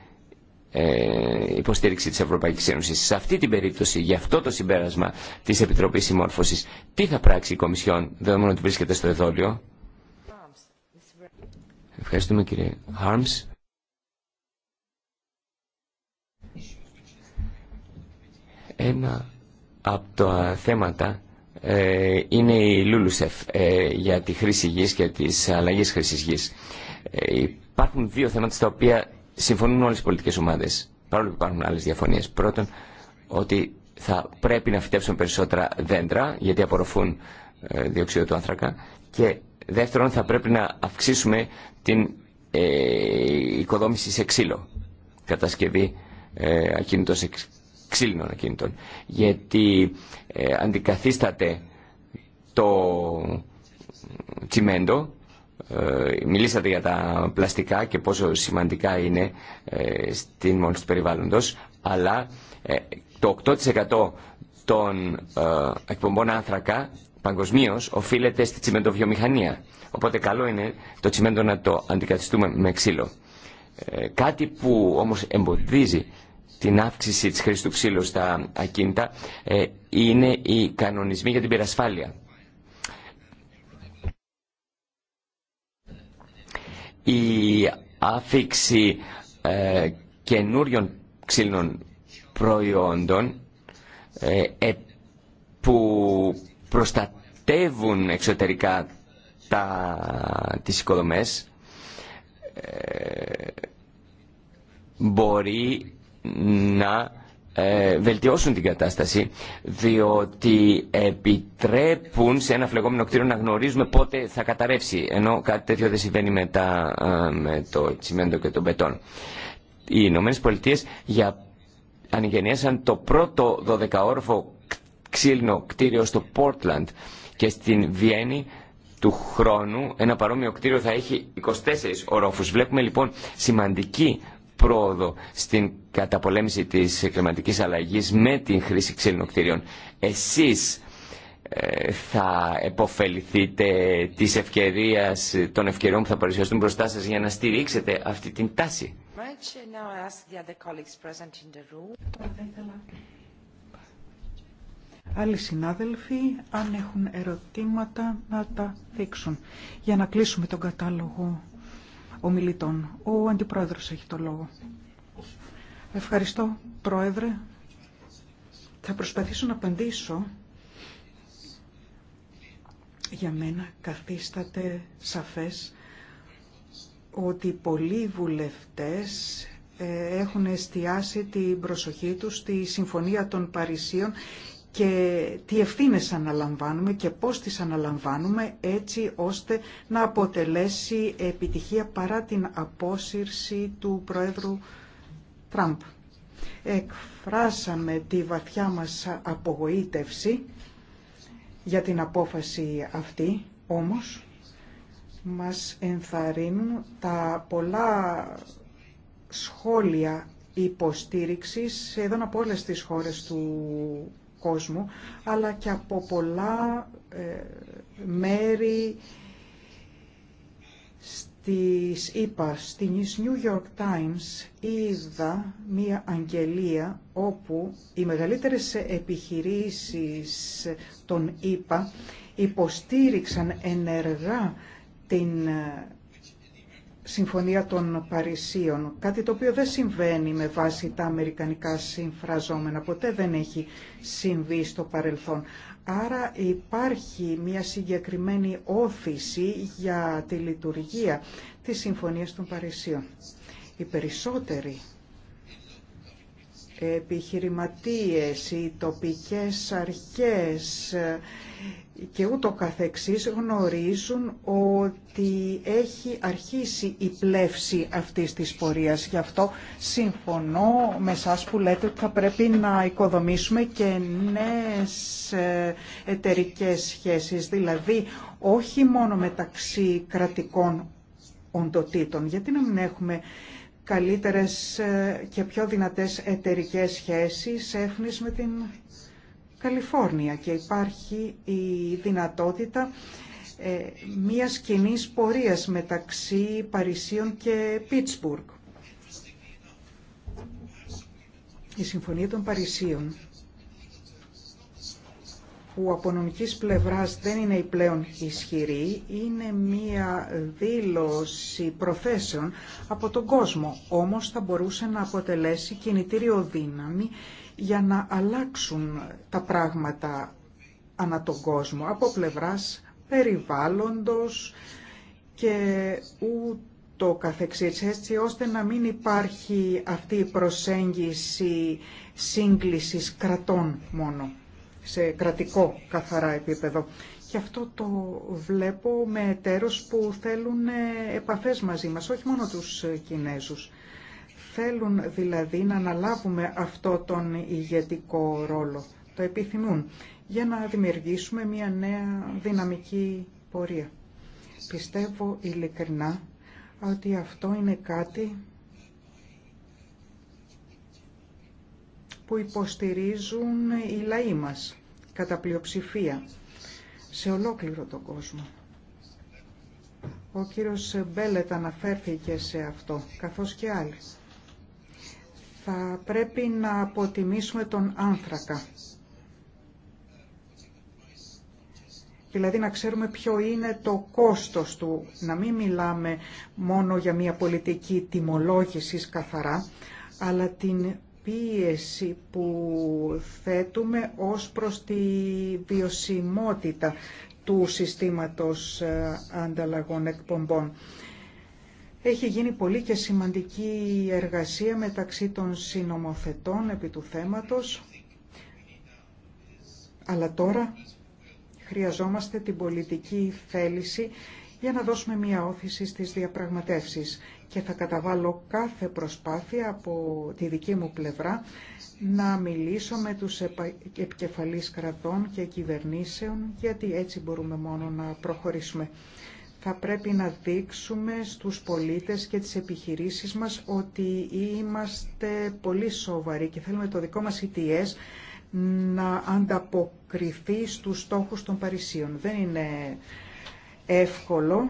Speaker 2: ε, υποστήριξη της Ευρωπαϊκής Ένωσης. Σε αυτή την περίπτωση, για αυτό το συμπέρασμα της Επιτροπής Συμμόρφωσης, τι θα πράξει η Κομισιόν, δεδομένου ότι βρίσκεται στο εδόλιο. Ευχαριστούμε κύριε Ένα από τα θέματα ε, είναι η Λούλουσεφ ε, για τη χρήση γης και τις αλλαγές χρήσης γης. Ε, υπάρχουν δύο θέματα στα οποία συμφωνούν όλες οι πολιτικές ομάδες, παρόλο που υπάρχουν άλλες διαφωνίες. Πρώτον, ότι θα πρέπει να φυτέψουν περισσότερα δέντρα, γιατί απορροφούν ε, διοξείδιο του άνθρακα. Και δεύτερον, θα πρέπει να αυξήσουμε την οικοδόμηση σε ξύλο, κατασκευή ακίνητος ξύλινων ακινήτων. Γιατί ε, αντικαθίσταται το τσιμέντο, ε, μιλήσατε για τα πλαστικά και πόσο σημαντικά είναι ε, στην μόνη του περιβάλλοντος, αλλά ε, το 8% των εκπομπών άνθρακα παγκοσμίω οφείλεται στη τσιμεντοβιομηχανία. Οπότε καλό είναι το τσιμέντο να το αντικαθιστούμε με ξύλο. κάτι που όμως εμποδίζει την αύξηση της χρήσης του ξύλου στα ακίνητα ε, είναι οι κανονισμοί για την πυρασφάλεια. Η άφηξη ε, καινούριων ξύλων προϊόντων ε, ε, που προστατεύουν εξωτερικά τα, τις οικοδομές μπορεί να ε, βελτιώσουν την κατάσταση διότι επιτρέπουν σε ένα φλεγόμενο κτίριο να γνωρίζουμε πότε θα καταρρεύσει ενώ κάτι τέτοιο δεν συμβαίνει με, τα, ε, με το τσιμέντο και τον πετόν. Οι Ηνωμένε Πολιτείε για ανηγενίασαν το πρώτο 12όρφο ξύλινο κτίριο στο Portland και στην Βιέννη του χρόνου ένα παρόμοιο κτίριο θα έχει 24 ορόφους. Βλέπουμε λοιπόν σημαντική πρόοδο στην καταπολέμηση της κλιματικής αλλαγής με την χρήση ξύλινων κτηρίων. Εσείς ε, θα επωφεληθείτε της ευκαιρίας, των ευκαιριών που θα παρουσιαστούν μπροστά σας για να στηρίξετε αυτή την τάση.
Speaker 3: Άλλοι συνάδελφοι, αν έχουν ερωτήματα, να τα δείξουν. Για να κλείσουμε τον κατάλογο ομιλητών. Ο Αντιπρόεδρος έχει το λόγο. Ευχαριστώ, Πρόεδρε. Θα προσπαθήσω να απαντήσω. Για μένα καθίσταται σαφές ότι πολλοί βουλευτές ε, έχουν εστιάσει την προσοχή τους στη Συμφωνία των Παρισίων και τι ευθύνες αναλαμβάνουμε και πώς τις αναλαμβάνουμε έτσι ώστε να αποτελέσει επιτυχία παρά την απόσυρση του Προέδρου Τραμπ. Εκφράσαμε τη βαθιά μας απογοήτευση για την απόφαση αυτή, όμως μας ενθαρρύνουν τα πολλά σχόλια υποστήριξης εδώ από όλες τις χώρες του κόσμου, αλλά και από πολλά ε, μέρη στις ΕΠΑ, στην New York Times είδα μία αγγελία όπου οι μεγαλύτερες επιχειρήσεις των ΕΠΑ υποστήριξαν ενεργά την ε, Συμφωνία των Παρισίων, κάτι το οποίο δεν συμβαίνει με βάση τα αμερικανικά συμφραζόμενα, ποτέ δεν έχει συμβεί στο παρελθόν. Άρα υπάρχει μια συγκεκριμένη όθηση για τη λειτουργία της Συμφωνίας των Παρισίων. Οι περισσότεροι επιχειρηματίες, οι τοπικές αρχές και ούτω καθεξής γνωρίζουν ότι έχει αρχίσει η πλεύση αυτής της πορείας. Γι' αυτό συμφωνώ με σας που λέτε ότι θα πρέπει να οικοδομήσουμε και νέες ε, εταιρικές σχέσεις, δηλαδή όχι μόνο μεταξύ κρατικών οντοτήτων, γιατί να μην έχουμε καλύτερες ε, και πιο δυνατές εταιρικές σχέσεις έχνης με την Καλιφόρνια και υπάρχει η δυνατότητα ε, μιας κοινή πορείας μεταξύ Παρισίων και Πίτσμπουργκ. Η Συμφωνία των Παρισίων που από νομικής πλευράς δεν είναι η πλέον ισχυρή, είναι μία δήλωση προθέσεων από τον κόσμο, όμως θα μπορούσε να αποτελέσει κινητήριο δύναμη για να αλλάξουν τα πράγματα ανά τον κόσμο, από πλευράς περιβάλλοντος και το καθεξής, έτσι ώστε να μην υπάρχει αυτή η προσέγγιση σύγκλησης κρατών μόνο σε κρατικό καθαρά επίπεδο. Και αυτό το βλέπω με εταίρους που θέλουν ε, επαφές μαζί μας, όχι μόνο τους ε, Κινέζους. Θέλουν δηλαδή να αναλάβουμε αυτό τον ηγετικό ρόλο. Το επιθυμούν για να δημιουργήσουμε μια νέα δυναμική πορεία. Πιστεύω ειλικρινά ότι αυτό είναι κάτι που υποστηρίζουν οι λαοί μας κατά πλειοψηφία σε ολόκληρο τον κόσμο. Ο κύριος Μπέλετ αναφέρθηκε σε αυτό, καθώς και άλλοι. Θα πρέπει να αποτιμήσουμε τον άνθρακα. Δηλαδή να ξέρουμε ποιο είναι το κόστος του, να μην μιλάμε μόνο για μια πολιτική τιμολόγησης καθαρά, αλλά την πίεση που θέτουμε ως προς τη βιωσιμότητα του συστήματος ε, ανταλλαγών εκπομπών. Έχει γίνει πολύ και σημαντική εργασία μεταξύ των συνομοθετών επί του θέματος, αλλά τώρα χρειαζόμαστε την πολιτική θέληση για να δώσουμε μία όθηση στις διαπραγματεύσεις και θα καταβάλω κάθε προσπάθεια από τη δική μου πλευρά να μιλήσω με τους επικεφαλείς κρατών και κυβερνήσεων γιατί έτσι μπορούμε μόνο να προχωρήσουμε. Θα πρέπει να δείξουμε στους πολίτες και τις επιχειρήσεις μας ότι είμαστε πολύ σοβαροί και θέλουμε το δικό μας ETS να ανταποκριθεί στους στόχους των Παρισίων. Δεν είναι εύκολο,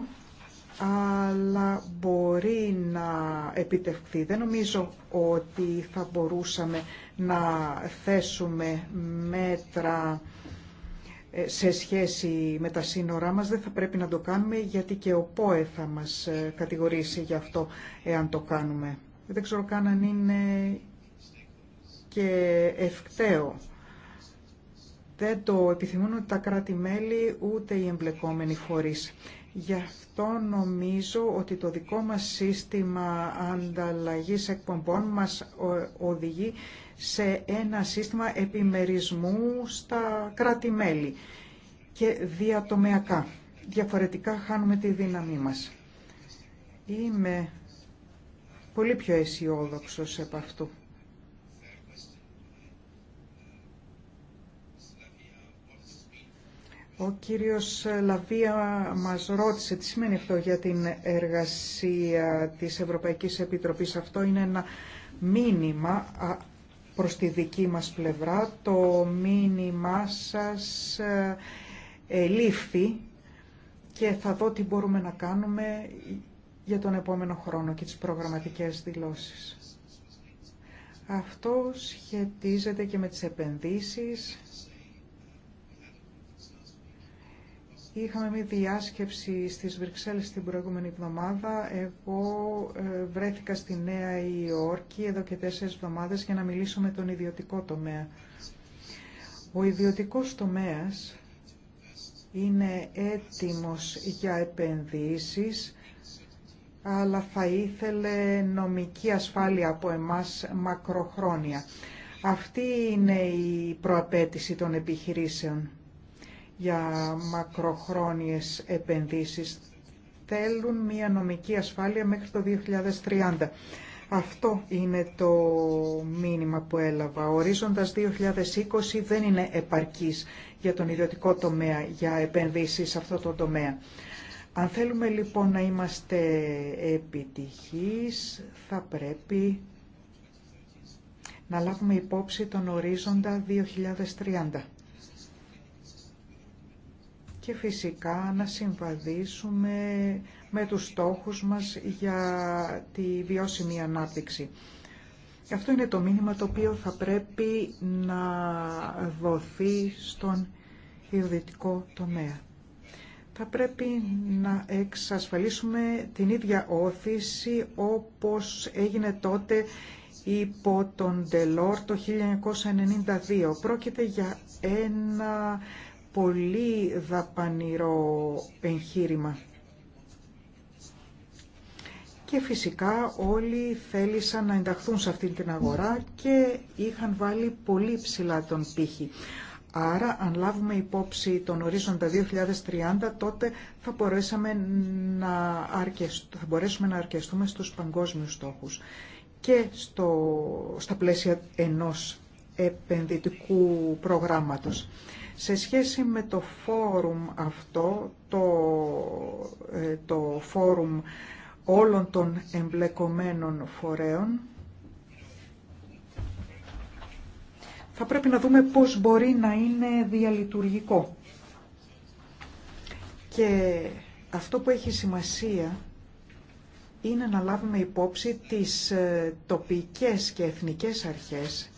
Speaker 3: αλλά μπορεί να επιτευχθεί. Δεν νομίζω ότι θα μπορούσαμε να θέσουμε μέτρα ε, σε σχέση με τα σύνορά μας. Δεν θα πρέπει να το κάνουμε γιατί και ο ΠΟΕ θα μας ε, κατηγορήσει γι' αυτό εάν το κάνουμε. Δεν ξέρω καν αν είναι και ευκταίο δεν το επιθυμούν τα κράτη-μέλη ούτε οι εμπλεκόμενοι φορείς. Γι' αυτό νομίζω ότι το δικό μας σύστημα ανταλλαγής εκπομπών μας οδηγεί σε ένα σύστημα επιμερισμού στα κράτη-μέλη και διατομεακά. Διαφορετικά χάνουμε τη δύναμή μας. Είμαι πολύ πιο αισιόδοξο επ' αυτού. Ο κύριος Λαβία μας ρώτησε τι σημαίνει αυτό για την εργασία της Ευρωπαϊκής Επιτροπής. Αυτό είναι ένα μήνυμα προς τη δική μας πλευρά. Το μήνυμά σας ε, ελήφθη και θα δω τι μπορούμε να κάνουμε για τον επόμενο χρόνο και τις προγραμματικές δηλώσεις. Αυτό σχετίζεται και με τις επενδύσεις Είχαμε μια διάσκεψη στις Βρυξέλλες την προηγούμενη εβδομάδα. Εγώ ε, βρέθηκα στη Νέα Υόρκη εδώ και τέσσερις εβδομάδες για να μιλήσω με τον ιδιωτικό τομέα. Ο ιδιωτικός τομέας είναι έτοιμος για επενδύσεις, αλλά θα ήθελε νομική ασφάλεια από εμάς μακροχρόνια. Αυτή είναι η προαπέτηση των επιχειρήσεων για μακροχρόνιες επενδύσεις θέλουν μια νομική ασφάλεια μέχρι το 2030. Αυτό είναι το μήνυμα που έλαβα. Ο ορίζοντας 2020 δεν είναι επαρκής για τον ιδιωτικό τομέα, για επενδύσεις σε αυτό το τομέα. Αν θέλουμε λοιπόν να είμαστε επιτυχείς, θα πρέπει να λάβουμε υπόψη τον ορίζοντα 2030 και φυσικά να συμβαδίσουμε με τους στόχους μας για τη βιώσιμη ανάπτυξη. Αυτό είναι το μήνυμα το οποίο θα πρέπει να δοθεί στον ιδιωτικό τομέα. Θα πρέπει να εξασφαλίσουμε την ίδια όθηση όπως έγινε τότε υπό τον Τελόρ το 1992. Πρόκειται για ένα πολύ δαπανηρό εγχείρημα. Και φυσικά όλοι θέλησαν να ενταχθούν σε αυτήν την αγορά και είχαν βάλει πολύ ψηλά τον πύχη. Άρα, αν λάβουμε υπόψη τον ορίζοντα 2030, τότε θα, μπορέσαμε να αρκεστούμε, θα μπορέσουμε να αρκεστούμε στους παγκόσμιους στόχους και στο, στα πλαίσια ενός επενδυτικού προγράμματος. Σε σχέση με το φόρουμ αυτό, ε, το, φόρουμ όλων των εμπλεκομένων φορέων, θα πρέπει να δούμε πώς μπορεί να είναι διαλειτουργικό. Και αυτό που έχει σημασία είναι να λάβουμε υπόψη τις ε, τοπικές και εθνικές αρχές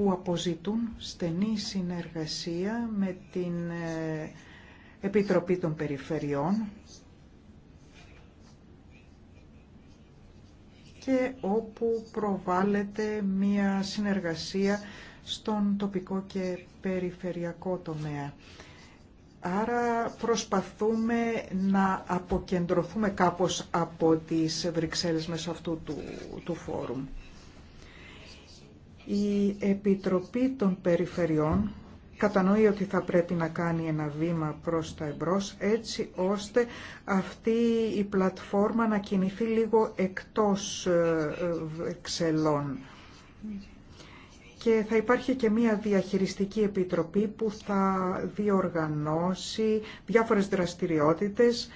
Speaker 3: που αποζητούν στενή συνεργασία με την ε, Επιτροπή των Περιφερειών και όπου προβάλλεται μία συνεργασία στον τοπικό και περιφερειακό τομέα. Άρα προσπαθούμε να αποκεντρωθούμε κάπως από τις Βρυξέλλες μέσω αυτού του, του φόρουμ. Η Επιτροπή των Περιφερειών κατανοεί ότι θα πρέπει να κάνει ένα βήμα προς τα εμπρός έτσι ώστε αυτή η πλατφόρμα να κινηθεί λίγο εκτός ε, ε, ξελών. Και θα υπάρχει και μία διαχειριστική επιτροπή που θα διοργανώσει διάφορες δραστηριότητες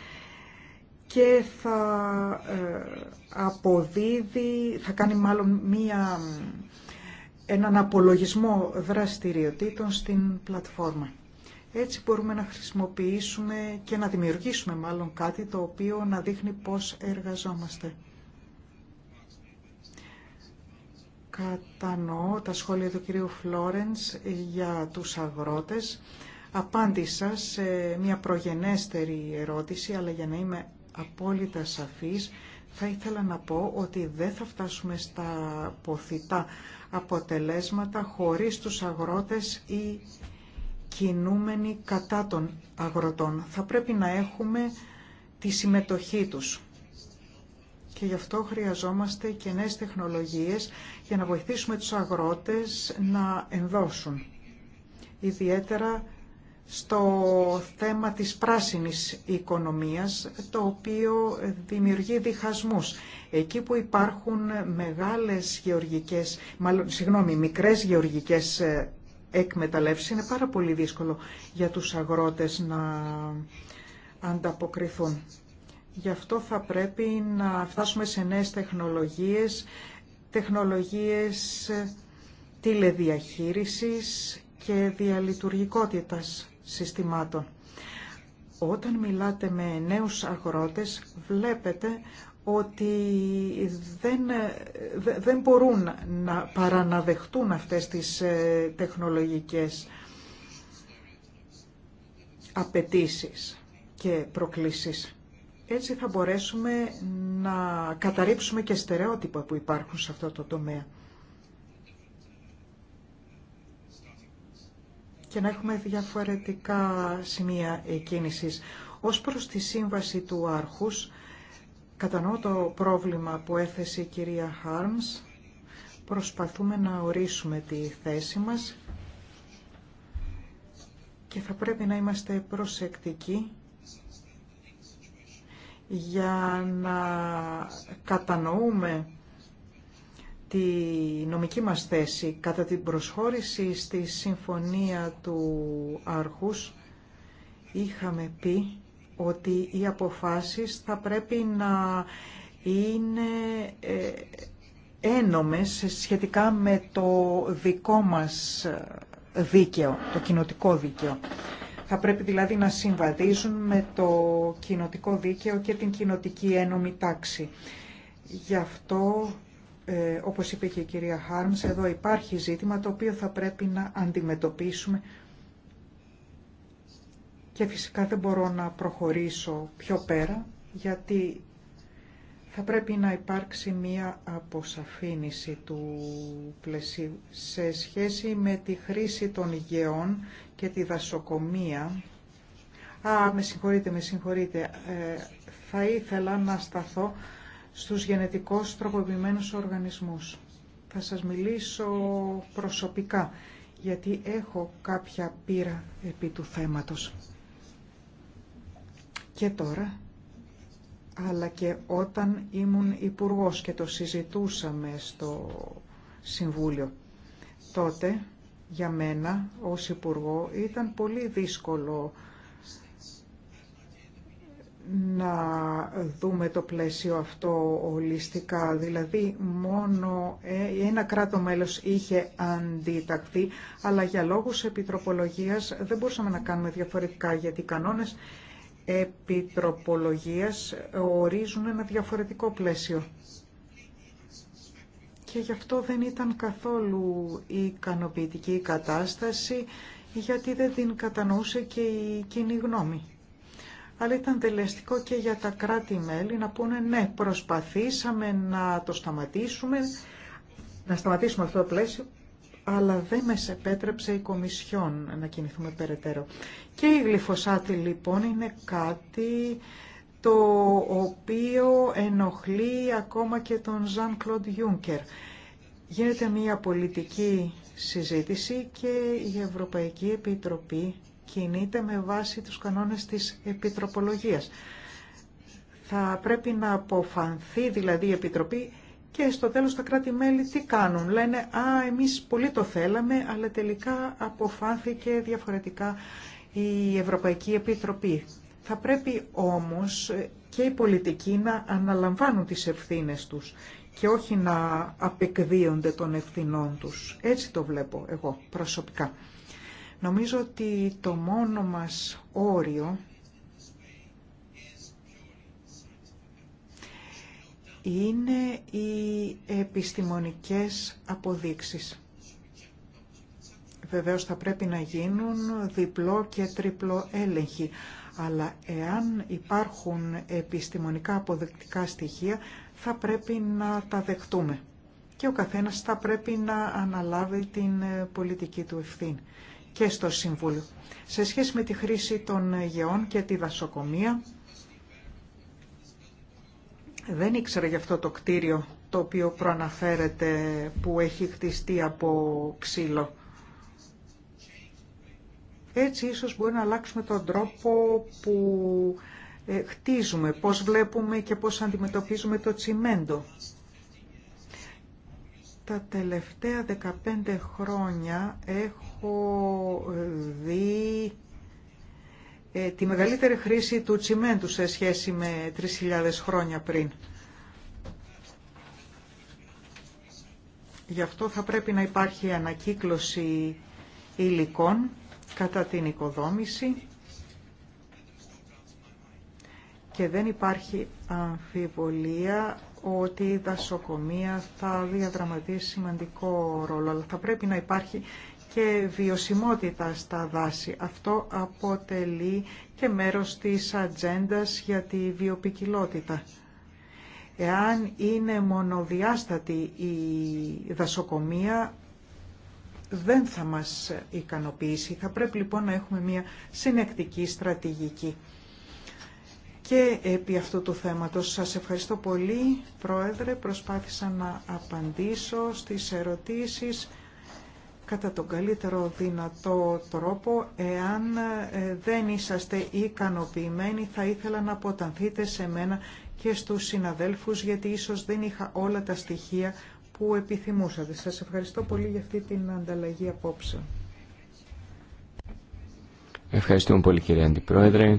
Speaker 3: και θα ε, αποδίδει, θα κάνει μάλλον μία έναν απολογισμό δραστηριοτήτων στην πλατφόρμα. Έτσι μπορούμε να χρησιμοποιήσουμε και να δημιουργήσουμε μάλλον κάτι το οποίο να δείχνει πώς εργαζόμαστε. Κατανοώ τα σχόλια του κυρίου Φλόρενς για τους αγρότες. Απάντησα σε μια προγενέστερη ερώτηση, αλλά για να είμαι απόλυτα σαφής, θα ήθελα να πω ότι δεν θα φτάσουμε στα ποθητά αποτελέσματα χωρίς τους αγρότες ή κινούμενοι κατά των αγροτών. Θα πρέπει να έχουμε τη συμμετοχή τους. Και γι' αυτό χρειαζόμαστε και νέες τεχνολογίες για να βοηθήσουμε τους αγρότες να ενδώσουν. Ιδιαίτερα στο θέμα της πράσινης οικονομίας, το οποίο δημιουργεί διχασμούς. Εκεί που υπάρχουν μεγάλες γεωργικές, μάλλον, συγγνώμη, μικρές γεωργικές ε, εκμεταλλεύσεις, είναι πάρα πολύ δύσκολο για τους αγρότες να ανταποκριθούν. Γι' αυτό θα πρέπει να φτάσουμε σε νέες τεχνολογίες, τεχνολογίες τηλεδιαχείρισης, και διαλειτουργικότητας συστημάτων. Όταν μιλάτε με νέους αγρότες βλέπετε ότι δεν, δεν μπορούν να παραναδεχτούν αυτές τις ε, τεχνολογικές απαιτήσει και προκλήσεις. Έτσι θα μπορέσουμε να καταρρύψουμε και στερεότυπα που υπάρχουν σε αυτό το τομέα. και να έχουμε διαφορετικά σημεία κίνησης. Ως προς τη σύμβαση του Άρχους, κατανοώ το πρόβλημα που έθεσε η κυρία Χάρμς, προσπαθούμε να ορίσουμε τη θέση μας και θα πρέπει να είμαστε προσεκτικοί για να κατανοούμε τη νομική μας θέση κατά την προσχώρηση στη Συμφωνία του Άρχους είχαμε πει ότι οι αποφάσεις θα πρέπει να είναι ε, ένομες σχετικά με το δικό μας δίκαιο, το κοινοτικό δίκαιο. Θα πρέπει δηλαδή να συμβαδίζουν με το κοινοτικό δίκαιο και την κοινοτική ένομη τάξη. Γι' αυτό ε, όπως είπε και η κυρία Χάρμς, εδώ υπάρχει ζήτημα το οποίο θα πρέπει να αντιμετωπίσουμε και φυσικά δεν μπορώ να προχωρήσω πιο πέρα γιατί θα πρέπει να υπάρξει μία αποσαφήνιση του πλαισίου σε σχέση με τη χρήση των υγεών και τη δασοκομεία. Α, με συγχωρείτε, με συγχωρείτε. Ε, θα ήθελα να σταθώ στους γενετικώς τροποποιημένους οργανισμούς. Θα σας μιλήσω προσωπικά, γιατί έχω κάποια πείρα επί του θέματος. Και τώρα, αλλά και όταν ήμουν υπουργός και το συζητούσαμε στο Συμβούλιο, τότε για μένα ως υπουργό ήταν πολύ δύσκολο να δούμε το πλαίσιο αυτό ολιστικά. Δηλαδή μόνο ε, ένα κράτο μέλος είχε αντιταχθεί, αλλά για λόγους επιτροπολογίας δεν μπορούσαμε να κάνουμε διαφορετικά, γιατί οι κανόνες επιτροπολογίας ορίζουν ένα διαφορετικό πλαίσιο. Και γι' αυτό δεν ήταν καθόλου ικανοποιητική η κατάσταση, γιατί δεν την κατανοούσε και η κοινή γνώμη αλλά ήταν τελεστικό και για τα κράτη-μέλη να πούνε ναι, προσπαθήσαμε να το σταματήσουμε, να σταματήσουμε αυτό το πλαίσιο, αλλά δεν με επέτρεψε η Κομισιόν να κινηθούμε περαιτέρω. Και η γλυφοσάτη λοιπόν είναι κάτι το οποίο ενοχλεί ακόμα και τον Ζαν Κλοντ Ιούνκερ. Γίνεται μια πολιτική συζήτηση και η Ευρωπαϊκή Επιτροπή κινείται με βάση τους κανόνες της επιτροπολογίας. Θα πρέπει να αποφανθεί δηλαδή η Επιτροπή και στο τέλος τα κράτη-μέλη τι κάνουν. Λένε «Α, εμείς πολύ το θέλαμε, αλλά τελικά αποφάνθηκε διαφορετικά η Ευρωπαϊκή Επιτροπή». Θα πρέπει όμως και οι πολιτικοί να αναλαμβάνουν τις ευθύνες τους και όχι να απεκδίονται των ευθυνών τους. Έτσι το βλέπω εγώ προσωπικά. Νομίζω ότι το μόνο μας όριο είναι οι επιστημονικές αποδείξεις. Βεβαίως θα πρέπει να γίνουν διπλό και τριπλό έλεγχη, αλλά εάν υπάρχουν επιστημονικά αποδεικτικά στοιχεία θα πρέπει να τα δεχτούμε και ο καθένας θα πρέπει να αναλάβει την πολιτική του ευθύνη και στο Συμβούλιο. Σε σχέση με τη χρήση των γεών και τη δασοκομεία, δεν ήξερα γι' αυτό το κτίριο το οποίο προαναφέρεται που έχει χτιστεί από ξύλο. Έτσι ίσως μπορεί να αλλάξουμε τον τρόπο που ε, χτίζουμε, πώς βλέπουμε και πώς αντιμετωπίζουμε το τσιμέντο. Τα τελευταία 15 χρόνια έχω έχω δει ε, τη μεγαλύτερη χρήση του τσιμέντου σε σχέση με 3.000 χρόνια πριν. Γι' αυτό θα πρέπει να υπάρχει ανακύκλωση υλικών κατά την οικοδόμηση και δεν υπάρχει αμφιβολία ότι η δασοκομεία θα διαδραματίσει σημαντικό ρόλο, αλλά θα πρέπει να υπάρχει και βιωσιμότητα στα δάση. Αυτό αποτελεί και μέρος της ατζέντα για τη βιοπικιλότητα. Εάν είναι μονοδιάστατη η δασοκομεία, δεν θα μας ικανοποιήσει. Θα πρέπει λοιπόν να έχουμε μια συνεκτική στρατηγική. Και επί αυτού του θέματος σας ευχαριστώ πολύ, Πρόεδρε. Προσπάθησα να απαντήσω στις ερωτήσεις κατά τον καλύτερο δυνατό τρόπο. Εάν ε, δεν είσαστε ικανοποιημένοι θα ήθελα να αποτανθείτε σε μένα και στους συναδέλφους γιατί ίσως δεν είχα όλα τα στοιχεία που επιθυμούσατε. Σας ευχαριστώ πολύ για αυτή την ανταλλαγή απόψε.
Speaker 2: Ευχαριστούμε πολύ κύριε Αντιπρόεδρε.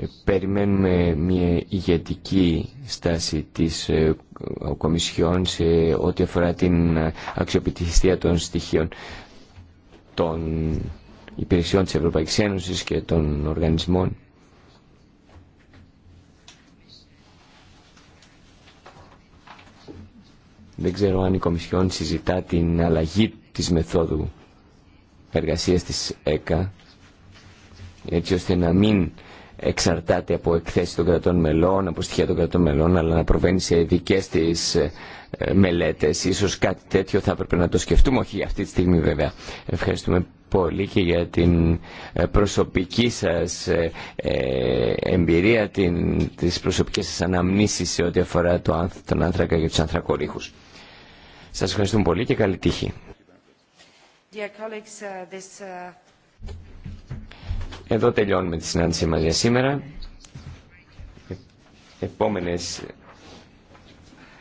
Speaker 2: Ε, περιμένουμε μια ηγετική στάση της ε, Κομισιόν σε ό,τι αφορά την αξιοπιτυχιστία των στοιχείων των υπηρεσιών της Ευρωπαϊκής Ένωσης και των οργανισμών. Δεν ξέρω αν η Κομισιόν συζητά την αλλαγή της μεθόδου εργασίας της ΕΚΑ έτσι ώστε να μην εξαρτάται από εκθέσει των κρατών μελών, από στοιχεία των κρατών μελών, αλλά να προβαίνει σε ειδικέ τη ε, μελέτε. Ίσως κάτι τέτοιο θα έπρεπε να το σκεφτούμε, όχι αυτή τη στιγμή βέβαια. Ευχαριστούμε πολύ και για την ε, προσωπική σας ε, εμπειρία, την, προσωπικέ σα σας αναμνήσεις σε ό,τι αφορά τον άνθρακα και τους ανθρακορίχους. Σας ευχαριστούμε πολύ και καλή τύχη.
Speaker 1: Dear colleagues, uh, this... Uh,
Speaker 2: εδώ τελειώνουμε τη συνάντησή μας για σήμερα. Επόμενες...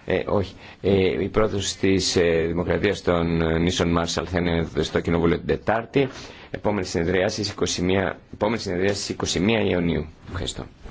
Speaker 2: Ε, όχι. Ε, η πρόταση της ε, Δημοκρατίας των ε, Νίσων Μάρσαλ θα είναι στο Κοινοβούλιο την Τετάρτη. Επόμενη συνεδρία στις 21, επόμενη συνεδρία στις 21 Ιουνίου. Ευχαριστώ.